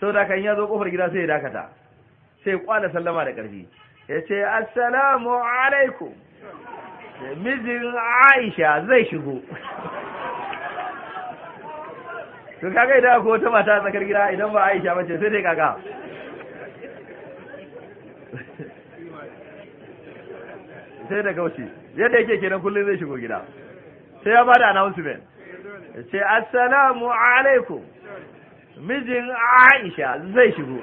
da kan ya zo kofar gida sai ya dakata sai ya kwana sallama da ƙarfi ya ce assalamu alaikum mijin aisha zai shigo to kaga idan ko wata mata tsakar gida idan ba aisha bace sai dai kaka. sai da kauce yadda yake kenan kullum zai shigo gida sai ya bada announcement sai assalamu alaikum mijin aisha zai shigo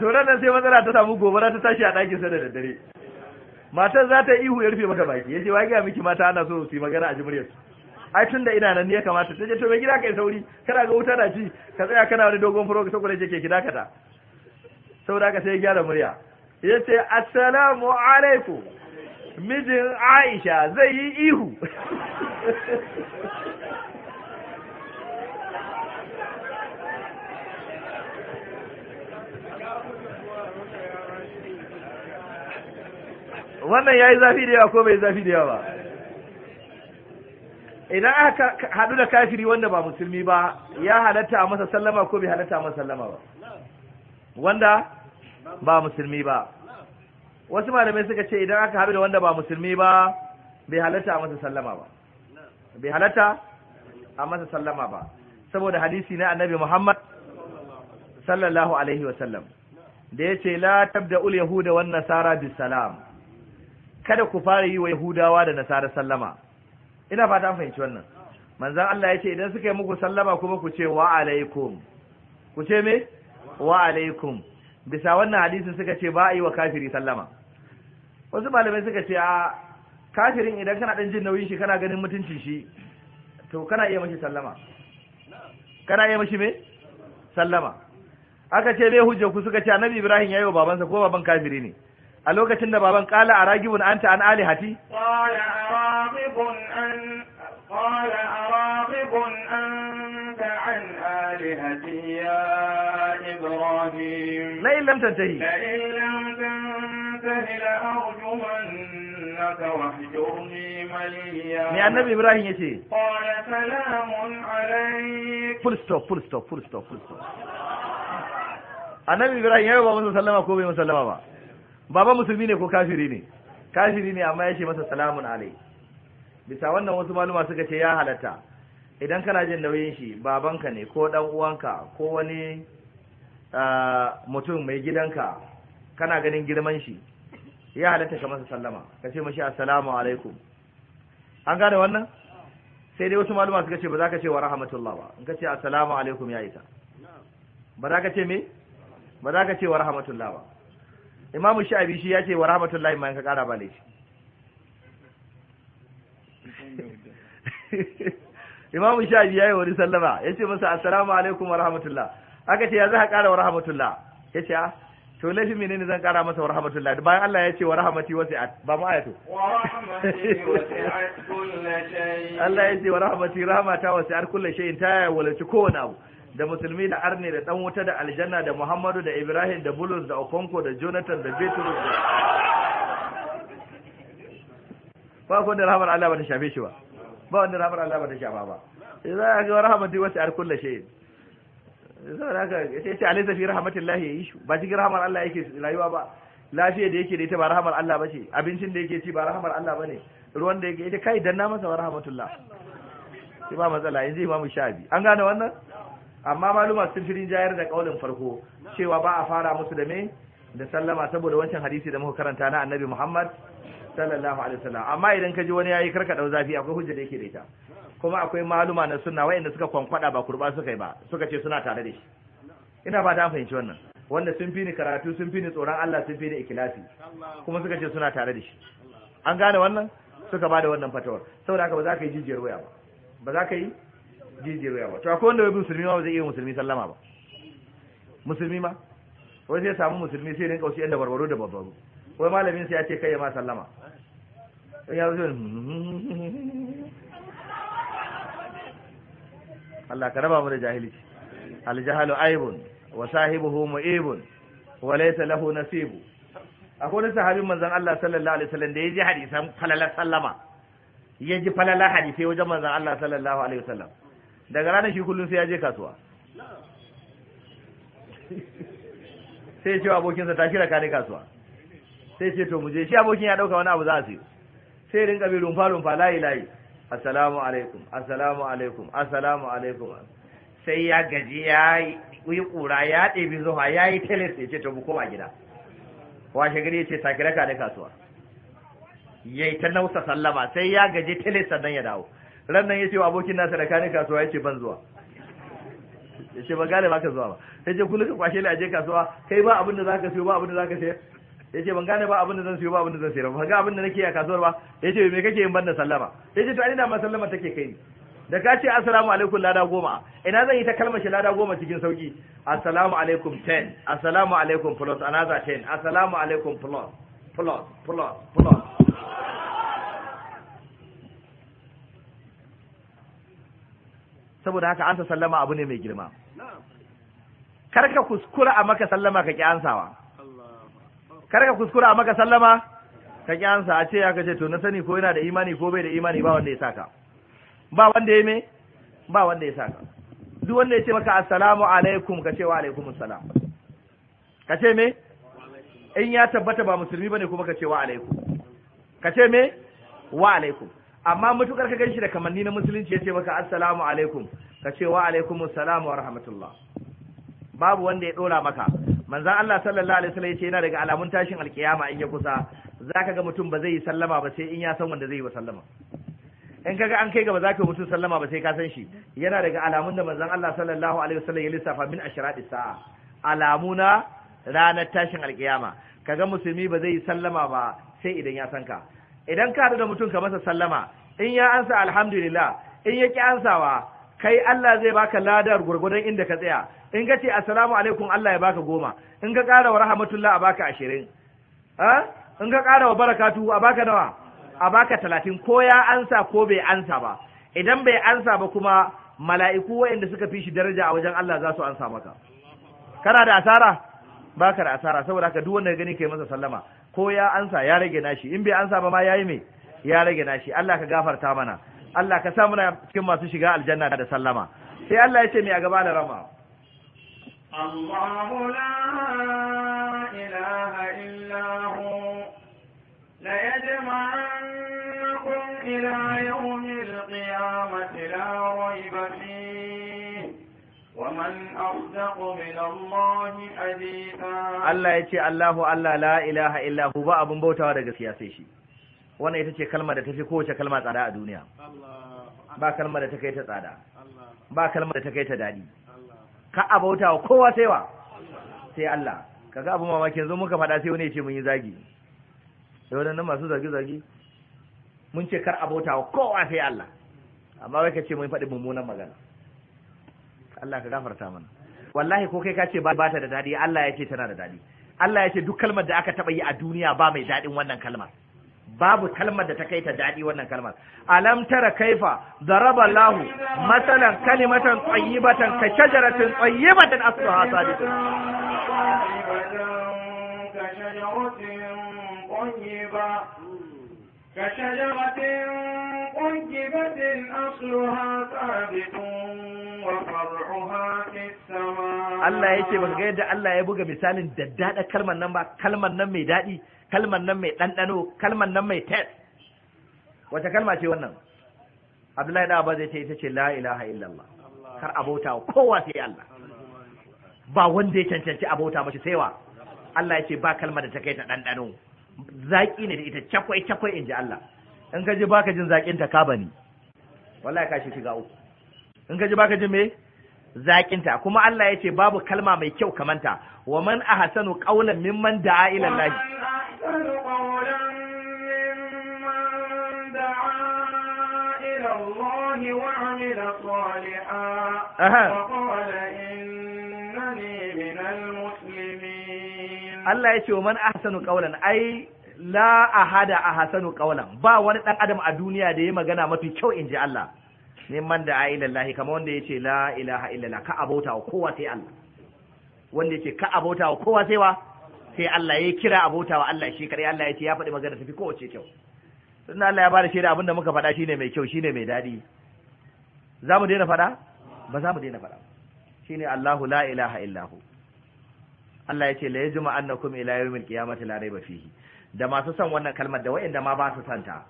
to nan sai matsala ta samu gobara ta tashi a ɗakin sa da daddare matar za ta ihu ya rufe mata baki yace wa ga miki mata ana so su yi magana a jimriyar ai tun da ina nan ne ya kamata ta je to mai gida kai sauri kana ga wuta da ci ka tsaya kana wani dogon furo ke gida ki dakata saboda ka sai gyara murya yace assalamu alaikum mijin Aisha zai yi ihu wannan ya yi zafi da yawa ko bai zafi da yawa idan aka haɗu da kafiri wanda ba musulmi ba ya halatta masa sallama ko bai halatta masa sallama ba wanda ba musulmi ba wasu malamai suka ce idan aka haɗu da wanda ba musulmi ba bai halatta masa sallama ba bai halatta a masa sallama ba saboda hadisi na annabi Muhammad sallallahu alaihi wa sallam da yace la tabda ul yahuda wan nasara bis salam kada ku fara yi wa yahudawa da nasara sallama ina fata an fahimci wannan manzon Allah ya ce idan suka yi muku sallama kuma ku ce wa alaikum ku ce me wa alaikum bisa wannan hadisin suka ce ba a yi wa kafiri sallama wasu malamai suka ce a kafirin idan kana dan jin nauyin shi kana ganin mutuncin shi to kana iya mashi sallama kana iya mashi me sallama aka ce me hujjar ku suka ce annabi Ibrahim yayi wa babansa ko baban kafiri ne a lokacin da baban kala a ragibun anta an alihati qala aragibun an qala aragibun anta an alihati ya ibrahim la in lam tantahi la in lam tantahi la arjumannaka wahjurni maliya me annabi ibrahim ya ce? qala salamun alayk full stop full stop full stop full stop annabi ibrahim ya yayi ba musu sallama ko bai musu sallama ba baba musulmi ne ko kafiri ne kafiri ne amma ya ce masa salamun alai bisa wannan wasu maluma suka ce ya halatta idan kana jin nauyin shi babanka ne ko dan uwanka ko wani mutum mai gidanka kana ganin girman shi ya halatta ka masa sallama ka ce mashi assalamu alaikum an gane wannan sai dai wasu maluma suka ce ba za ka ce wa rahmatullah ba in ka ce assalamu alaikum ya isa ba za ka ce me ba za ka ce wa rahmatullah ba imamu sha'abi shi ya ce wa rahmatullahi ma ka kara ba laifi imamu sha'abi ya yi wani sallama ya ce masa assalamu alaikum wa rahmatullah aka ce ya za ka kara wa rahmatullah ya ce ah to laifi menene zan kara masa wa rahmatullah bayan Allah ya ce wa rahmati wasi'at ba mu ayatu wa rahmati kullu shay Allah ya ce wa rahmati rahmata wasi'at kullu shay ta ya walaci kowane abu da musulmi da arne da dan wuta da aljanna da muhammadu da ibrahim da bulus da okonko da jonathan da bitrus da ba ko da rahmar Allah ba ta shafe shi ba ba wanda rahmar Allah ba ta shafa ba za ga rahmatu wasi ar kullu shi saboda haka sai sai alaysa fi rahmatillah ya shi ba cikin rahmar Allah yake rayuwa ba lafiya da yake da ita ba rahmar Allah ba ce abincin da yake ci ba rahmar Allah ba ne ruwan da yake ita kai danna masa wa rahmatullah ba matsala yanzu imamu shafi an gane wannan amma maluma sun firin jayar da kaulin farko cewa ba a fara musu da me da sallama saboda wancan hadisi da muka karanta na annabi Muhammad sallallahu alaihi wasallam amma idan ka ji wani yayi karka dau zafi akwai hujja da yake da ita kuma akwai maluma na sunna wayanda suka kwankwada ba kurba suka yi ba suka ce suna tare da shi ina ba ta fahimci wannan wanda sun fi ni karatu sun fi ni tsoron Allah sun fi ni ikilasi kuma suka ce suna tare da shi an gane wannan suka ba da wannan fatawar saboda haka ba za ka yi jijiyar waya ba ba za ka yi jijjirewa ba to akwai wanda bai musulmi ma ba zai iya musulmi sallama ba musulmi ma wai sai samu musulmi sai rinka wasu yadda barbaro da barbaro wai malamin sai ya ce kai ya ma sallama ya zo Allah ka raba mu da jahilci aljahalu aibun wa sahibuhu mu'ibun wa laysa lahu nasibu akwai wani sahabin manzon Allah sallallahu alaihi wasallam da yaji hadisan falala sallama yaji falala hadisi wajen manzon Allah sallallahu alaihi wasallam daga ranar shi kullum sai ya je kasuwa sai ya ce wa abokinsa ta raka ne kasuwa sai ce to mu je shi abokin ya dauka wani abu za a siyo sai rinka bi rumfa rumfa layi layi assalamu alaikum assalamu alaikum assalamu alaikum sai ya gaji ya yi kura ya ɗebi zuwa ya yi teles ya ce to mu koma gida washe gari ya ce ta kira ne kasuwa yayi ta nausa sallama sai ya gaji teles sannan ya dawo ran nan yace wa abokin nasa da kani kasuwa yace ban zuwa yace ba gane ba ka zuwa ba yace kullu ka kwashe ni aje kasuwa kai ba abin da zaka siyo ba abin da zaka ya yace ban gane ba abin da zan siyo ba abin da zan sayar ba ga abin da nake a kasuwar ba yace me kake yin banda sallama yace to ina ma sallama take kai ni da ka ce assalamu alaikum lada goma ina zan yi ta kalmar shi lada goma cikin sauki assalamu alaikum 10 assalamu alaikum plus another 10 assalamu alaikum plus plus plus plus saboda haka ansa sallama abu ne mai girma kar ka kuskura a maka sallama ka ki ansawa kar ka kuskura a maka sallama ka ki ansa a ce ya kace to na sani ko yana da imani ko bai da imani ba wanda ya saka ba wanda ya me ba wanda ya saka duk wanda ya ce maka assalamu alaikum ka ce wa alaikum assalam ka ce me in ya tabbata ba musulmi bane kuma ka ce wa alaikum ka ce me wa alaikum amma mutukar ka ganshi da kamanni na musulunci ya ce maka assalamu alaikum ka ce wa alaikum salam wa rahmatullah babu wanda ya dora maka manzo Allah sallallahu alaihi wasallam ya ce yana daga alamun tashin alkiyama in ya kusa zaka ga mutum ba zai yi sallama ba sai in ya san wanda zai yi wa sallama in kaga an kai gaba zaka yi mutum sallama ba sai ka san shi yana daga alamun da manzo Allah sallallahu alaihi wasallam ya lissafa min ashrati sa'a alamuna ranar tashin alkiyama kaga musulmi ba zai yi sallama ba sai idan ya san ka idan ka haɗu da mutum ka masa sallama in ya ansa alhamdulillah in ya ki ansawa kai Allah zai baka ladar gurgudan inda ka tsaya in ka ce assalamu alaikum Allah ya baka goma in ka ƙara wa rahmatullah a baka ashirin in ka ƙara wa barakatu a baka nawa a baka talatin ko ya ansa ko bai ansa ba idan bai ansa ba kuma mala'iku waɗanda suka fi shi daraja a wajen Allah za su ansa maka kana da asara baka da asara saboda haka duk wanda ya gani kai masa sallama ko ya ansa ya rage nashi in bai ansa ba ma yayi me ya rage nashi Allah ka gafarta mana Allah ka sa muna cikin masu shiga aljanna da sallama sai Allah ya ce mai a gaba da rama Allahu la ilaha illa hu la yajma'annakum ila yawmil qiyamati la rayba fihi Allah ya ce Allahu Allah la ilaha illahu ba abun bautawa da gaskiya sai shi wannan ita ce kalmar da ta fi kowace kalma tsada a duniya ba kalmar da ta kai ta tsada ba kalmar da ta kai ta daɗi ka a bautawa kowa sai wa sai Allah ka ga abu mamaki yanzu muka faɗa sai wani ya ce mun yi zagi da nan masu zagi-zagi mun ce kar a bautawa kowa sai Allah amma wai ka ce mun faɗi mummunan magana Allah ka gafarta mana wallahi ko kai ka ce ba ta da dadi Allah ya ce tana da dadi Allah ya ce duk kalmar da aka taba yi a duniya ba mai dadin wannan kalmar babu kalmar da ta kai ta dadi wannan kalmar alam tara kaifa daraba lahu masalan kalimatan tayyibatan ka shajaratin tayyibatan asluha sadiqun كشجرة طيبة كشجرة مركبة أصلها ثابت وفرعها في السماء الله يتي بك يدى الله يبقى مثال دادة كلمة نمبر كلمة نمي دادي كلمة نمي تنتنو كلمة نمي تات wata kalma ce wannan abdullahi da abaz ya ce ita ce la ilaha illallah kar abota kowa sai Allah ba wanda ya cancanci abota mashi sai wa Allah ya ce ba kalmar da ta kai ta dandano zaki ne da ita cakwai cakwai inji Allah in ka ji baka jin zakin ta kaba ne wallahi ka shi shiga uku in ka ji baka jin me zakin ta kuma Allah ya ce babu kalma mai kyau kamanta wa man ahsanu qawlan mimman da'a ila Allah Allah ya ce wa man ahsanu المسلمين ai la ahada a hasanu kawalan ba wani dan adam a duniya da ya magana mafi kyau in ji Allah man da ayi lahi kama wanda ya ce la ilaha illallah ka abota wa kowa sai Allah wanda ya ce ka abota wa kowa sai wa sai Allah ya kira abota wa Allah shi kare Allah ya ce ya faɗi magana tafi kowace kyau sun Allah ya bada shaida abinda muka faɗa shine mai kyau shine mai daɗi za mu daina faɗa ba za mu daina faɗa shine Allahu la ilaha illahu Allah ya ce la yajma'annakum ila yawmil qiyamati la rayba fihi da masu son wannan kalmar da wayanda ma ba su santa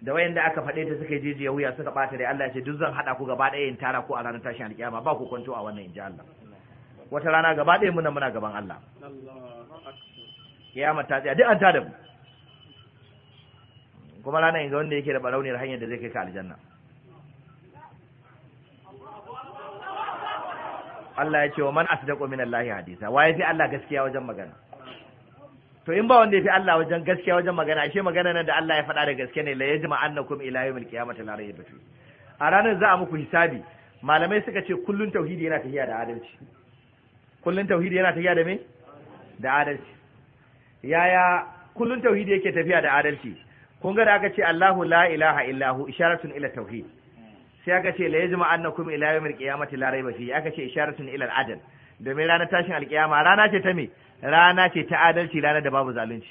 da wayanda aka faɗe ta suka jiji ya wuya suka ɓata da Allah ya ce duk zan hada ku gaba ɗaya in tara ku a ranar tashin alƙiyama ba ku kwanto a wannan inji Allah wata rana gaba ɗaya muna muna gaban Allah kiyama ta tsaya duk an tada mu kuma rana ga wanda yake da barauniyar hanyar da zai kai ka aljanna Allah ya ce wa man asdaqu min Allah hadisa waye sai Allah gaskiya wajen magana to in ba wanda ya fi Allah wajen gaskiya wajen magana ashe magana nan da Allah ya faɗa da gaske ne la yajma annakum ila yawmil qiyamati la rayba fi a ranar za a muku hisabi malamai suka ce kullun tauhidi yana tafiya da adalci kullun tauhidi yana tafiya da me da adalci yaya kullun tauhidi yake tafiya da adalci kun ga da aka ce Allahu la ilaha illahu isharatun ila tauhid sai aka ce la yajma annakum ila yawmil qiyamati la rayba fi aka ce isharatun ila al-adl domin ranar tashin alkiyama rana ce ta me rana ce ta adalci rana da babu zalunci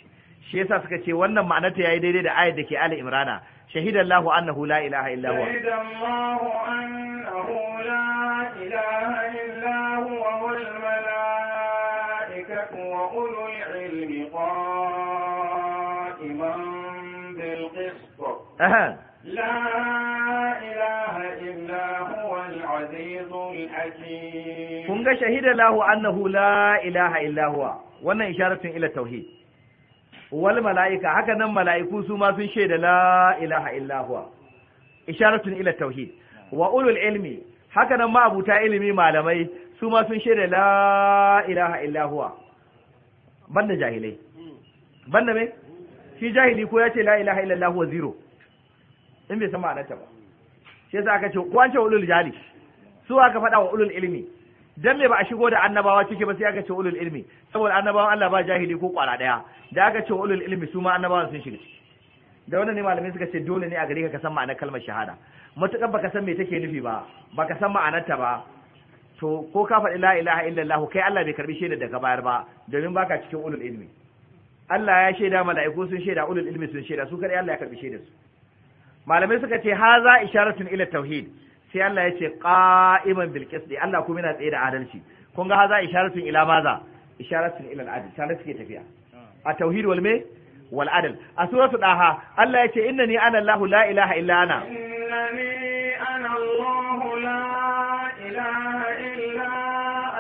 shi yasa suka ce wannan ma'anarta yayi daidai da ayat da ke Ali Imrana shahidan Allahu annahu la ilaha illa huwa shahidan Allahu annahu la ilaha illa huwa wal malaikatu wa ulul ilmi qa'iman bil qist la ilaha illa huwa kun ga shahida lahu annahu la ilaha illa huwa wannan isharatin ila tauhid wal malaika haka nan malaiku su ma sun shaida la ilaha illa huwa isharatun ila tauhid wa ulul ilmi haka nan ma abuta ilimi malamai su ma sun shaida la ilaha illa huwa banda jahilai banda me shi jahili ko ya ce la ilaha illa huwa zero in bai san ma'anarta ba shi yasa aka ce ko an ce ulul jahili su aka faɗa wa ulul ilmi dan me ba a shigo da annabawa ciki ba sai aka ce ulul ilmi saboda annabawan Allah ba jahili ko kwara daya da aka ce ulul ilmi su ma annabawan sun shiga ciki da wannan ne malamai suka ce dole ne a gare ka san ma'anar kalmar shahada matukar baka san me take nufi ba baka san ma'anarta ba to ko ka faɗi la ilaha illallah kai Allah bai karbi shaida daga bayar ba domin baka cikin ulul ilmi Allah ya shaida mala'iku sun shaida ulul ilmi sun shaida su kadai Allah ya karbi shaidar su malamai suka ce haza isharatun ila tauhid sai Allah ya ce qa'iman bil qisti Allah kuma yana tsaye da adalci kun ga haza isharatun ila maza isharatun ila al adl sanan suke tafiya a tauhid wal me wal adl a suratu daha Allah ya ce innani ana Allah la ilaha illa ana innani ana Allah la ilaha illa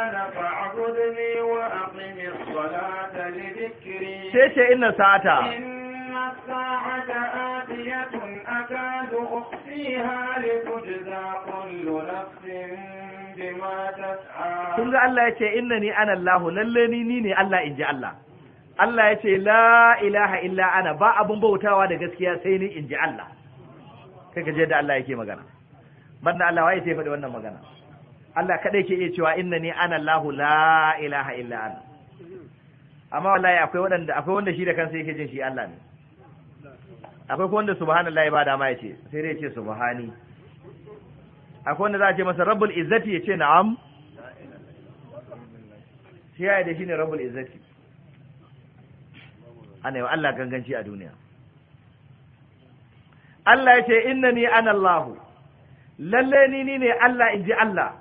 ana fa'budni wa aqimi as-salata li dhikri sai ce inna sa'ata inna sa'ata atiyatun akadu فيها لتجزى كل نفس بما تسعى kun ga Allah ya ce inna ni ana Allah lalle ni ni ne Allah in ji Allah Allah ya ce la ilaha illa ana ba abin bautawa da gaskiya sai ni in ji Allah kai ka je da Allah yake magana banda Allah wa waye sai faɗi wannan magana Allah kaɗai ke iya cewa inna ni ana Allah la ilaha illa ana amma wallahi akwai wanda akwai wanda shi da kansa yake jin shi Allah ne akwai ko wanda subhanallahi ba dama ya ce sai dai ya ce subhani akwai wanda za a ce masa rabbul izzati ya ce na'am shi ya da shi ne rabbul izzati ana yi wa Allah ganganci a duniya Allah ya ce innani ni Allah lalle ni ni ne Allah in ji Allah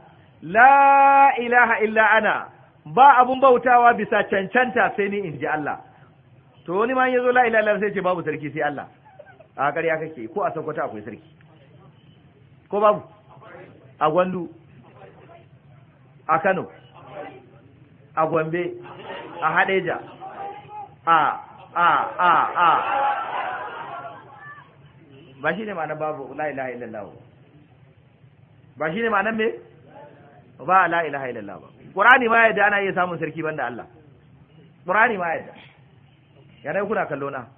la ilaha illa ana ba abun bautawa bisa cancanta sai ni in ji Allah to wani ma ya zo la ilaha sai ce babu sarki sai Allah a ƙarya kake ko a sokoto akwai sarki ko babu a gwandu a kano a gombe a hadeja a a a a ba shi ne ma'ana babu la'ilaha illallah ba shi ne ma'anar me ba la'ilaha illallah ba ƙurani ma yadda ana iya samun sarki banda Allah ƙurani ma yadda yanayi kuna kallo na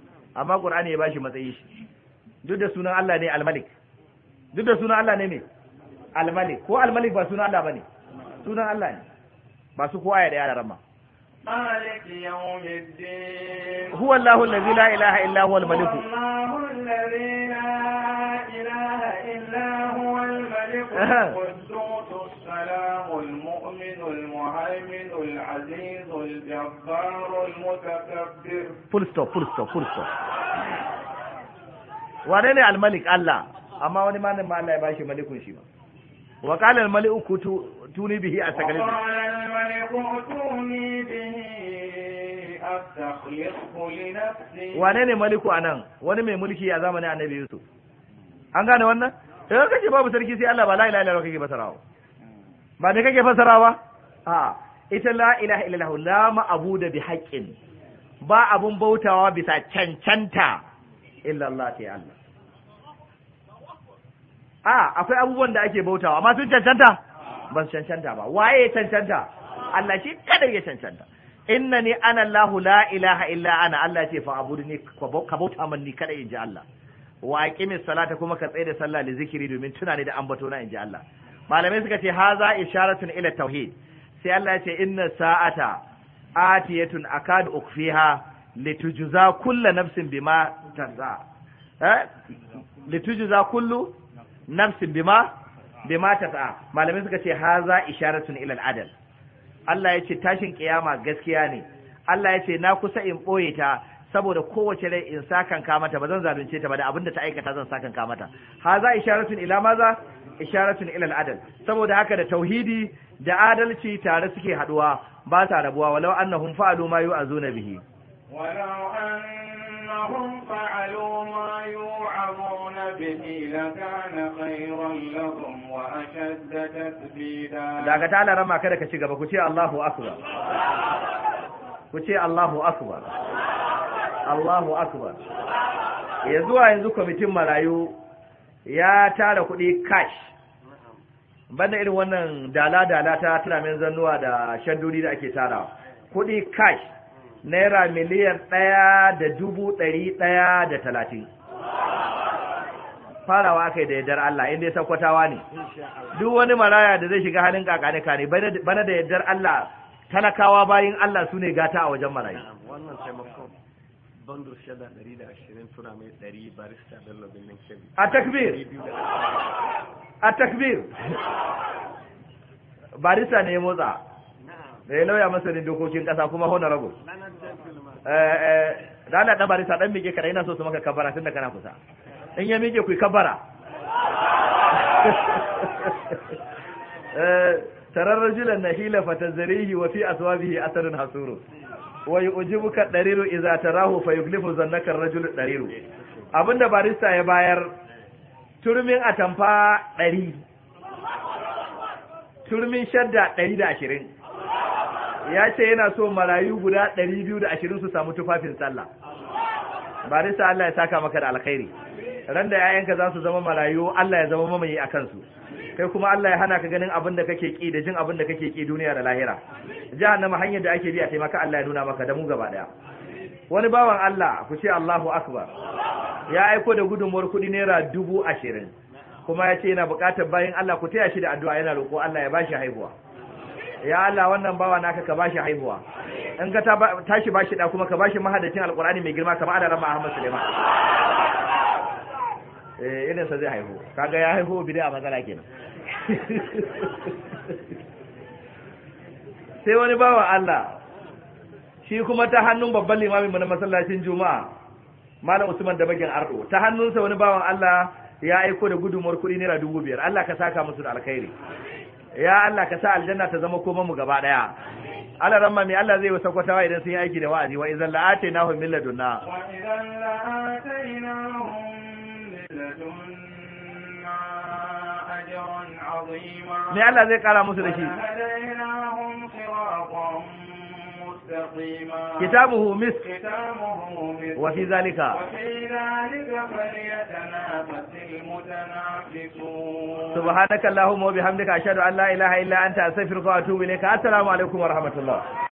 amma qur'ani ya bashi matsayi shi duk da sunan Allah ne al-malik duk da sunan Allah ne me al-malik ko al-malik ba sunan Allah bane sunan Allah ne ba su ko aya da yaran ramma مالك يوم الدين هو الله الذي لا إله إلا هو الملك الله الذي لا إله إلا هو الملك القدوس السلام Allah amma wani malin ma Allah ya bashi malikun shi ba wa qala almaliku kutu tuni bihi astakhlifu wa qala almaliku wani mai mulki a zamanin annabi Yusuf an gane wannan idan kake babu sarki sai Allah ba la ilaha illallah kake fasarawa ba ne kake fasarawa a ita la ilaha illallah la ma'budu bi haqqin ba abun bautawa bisa cancanta illa Allah ta Allah a akwai abubuwan da ake bautawa amma sun cancanta ban cancanta ba waye ya cancanta Allah shi kadai ya cancanta innani ana Allah la ilaha illa ana Allah ce fa ni ka bauta man ni kada in ji Allah wa aqimis salata kuma ka tsaye da sallah da zikiri domin tuna ne da ambato na inji Allah malamai suka ce haza isharatun ila tauhid sai Allah ya ce inna sa'ata atiyatun akad ukfiha litujza kullu nafsin bima tazza eh litujza kullu nafsin bima bima tazza malamai suka ce haza isharatun ila al-adl Allah ya ce tashin kiyama gaskiya ne Allah ya ce na kusa in ɓoye ta saboda kowace rai in sakan ka mata ba zan zalunce ta ba da abinda ta aikata zan sakan ka mata haza isharatun ila maza isharatun ila al'adal saboda haka da tauhidi da adalci tare suke haduwa ba ta rabuwa walau annahum fa'alu ma yu'azuna bihi walau annahum fa'alu ma yu'azuna bihi lakana khayran lahum wa ashadda tasbida daga ta Allah rama kada ka ci gaba ku ce Allahu akbar ku ce Allahu akbar Allahu akbar ya zuwa yanzu kwamitin marayu ya tara kuɗi cash banda irin wannan dala-dala ta tunamin zannuwa da shaduri da ake tara kuɗi cash naira miliyan ɗaya da dubu ɗari ɗaya da talatin farawa aka yi da yadda Allah inda ya sakwatawa ne duk wani maraya da zai shiga hannun kakanika ne, bana da yadda Allah talakawa bayan Allah su ne gata a wajen marayu bando shada ashirin tura mai dari barista bello birnin kebbi a takbir a takbir barista ne motsa da ya lauya masanin dokokin kasa kuma honorable rana da eh, eh, barista ɗan mike kada ina so su maka kabara tun da kana kusa in ya mike ku yi kabara eh, tarar na hila fatazzarihi wa fi aswabihi asarin hasuru wa yu'jibuka dariru idza tarahu fa yuklifu zannaka ar-rajulu dariru abinda barista ya bayar turmin atamfa dari turmin shadda 120 ya ce yana so marayu guda 220 su samu tufafin sallah barista Allah ya saka maka da alkhairi Randa 'ya'yanka za su zama marayu Allah ya zama mamaye a kansu kai kuma Allah ya hana ka ganin abin da kake ki da jin abin da kake ki duniya da lahira jahannama hanyar da ake bi a taimaka Allah ya nuna maka da mu gaba daya wani bawan Allah ku ce Allahu akbar ya aiko da gudunmuwar kuɗi naira dubu ashirin kuma ya ce yana buƙatar bayan Allah ku taya shi da addu'a yana roƙo Allah ya bashi haihuwa ya Allah wannan bawa naka ka ba bashi haihuwa in ka tashi ba bashi da kuma ka bashi mahadacin alƙur'ani mai girma kamar Allah Ahmad Suleiman Eh, irin sa zai haihu kaga ya haihu a matsala kenan sai wani bawa Allah shi kuma ta hannun babban limamin mu na masallacin juma'a malam usman da bagin ardo ta hannunsa wani bawan Allah ya aiko da gudunmuwar kuɗi naira dubu biyar Allah ka saka musu da alkhairi ya Allah ka sa aljanna ta zama koma mu gaba daya Allah ramma mai Allah zai wasa kwatawa idan sun yi aiki da wa'azi wa idan la'atainahum min ladunna wa idan la'atainahum لدنا أجرا عظيما لألا ذي قال مسلشي وهديناهم صراطا مستقيما كتابه مسك كتابه مسك وفي ذلك وفي ذلك فليتنافس المتنافسون سبحانك اللهم وبحمدك أشهد أن لا إله إلا أنت أستغفرك وأتوب إليك السلام عليكم ورحمة الله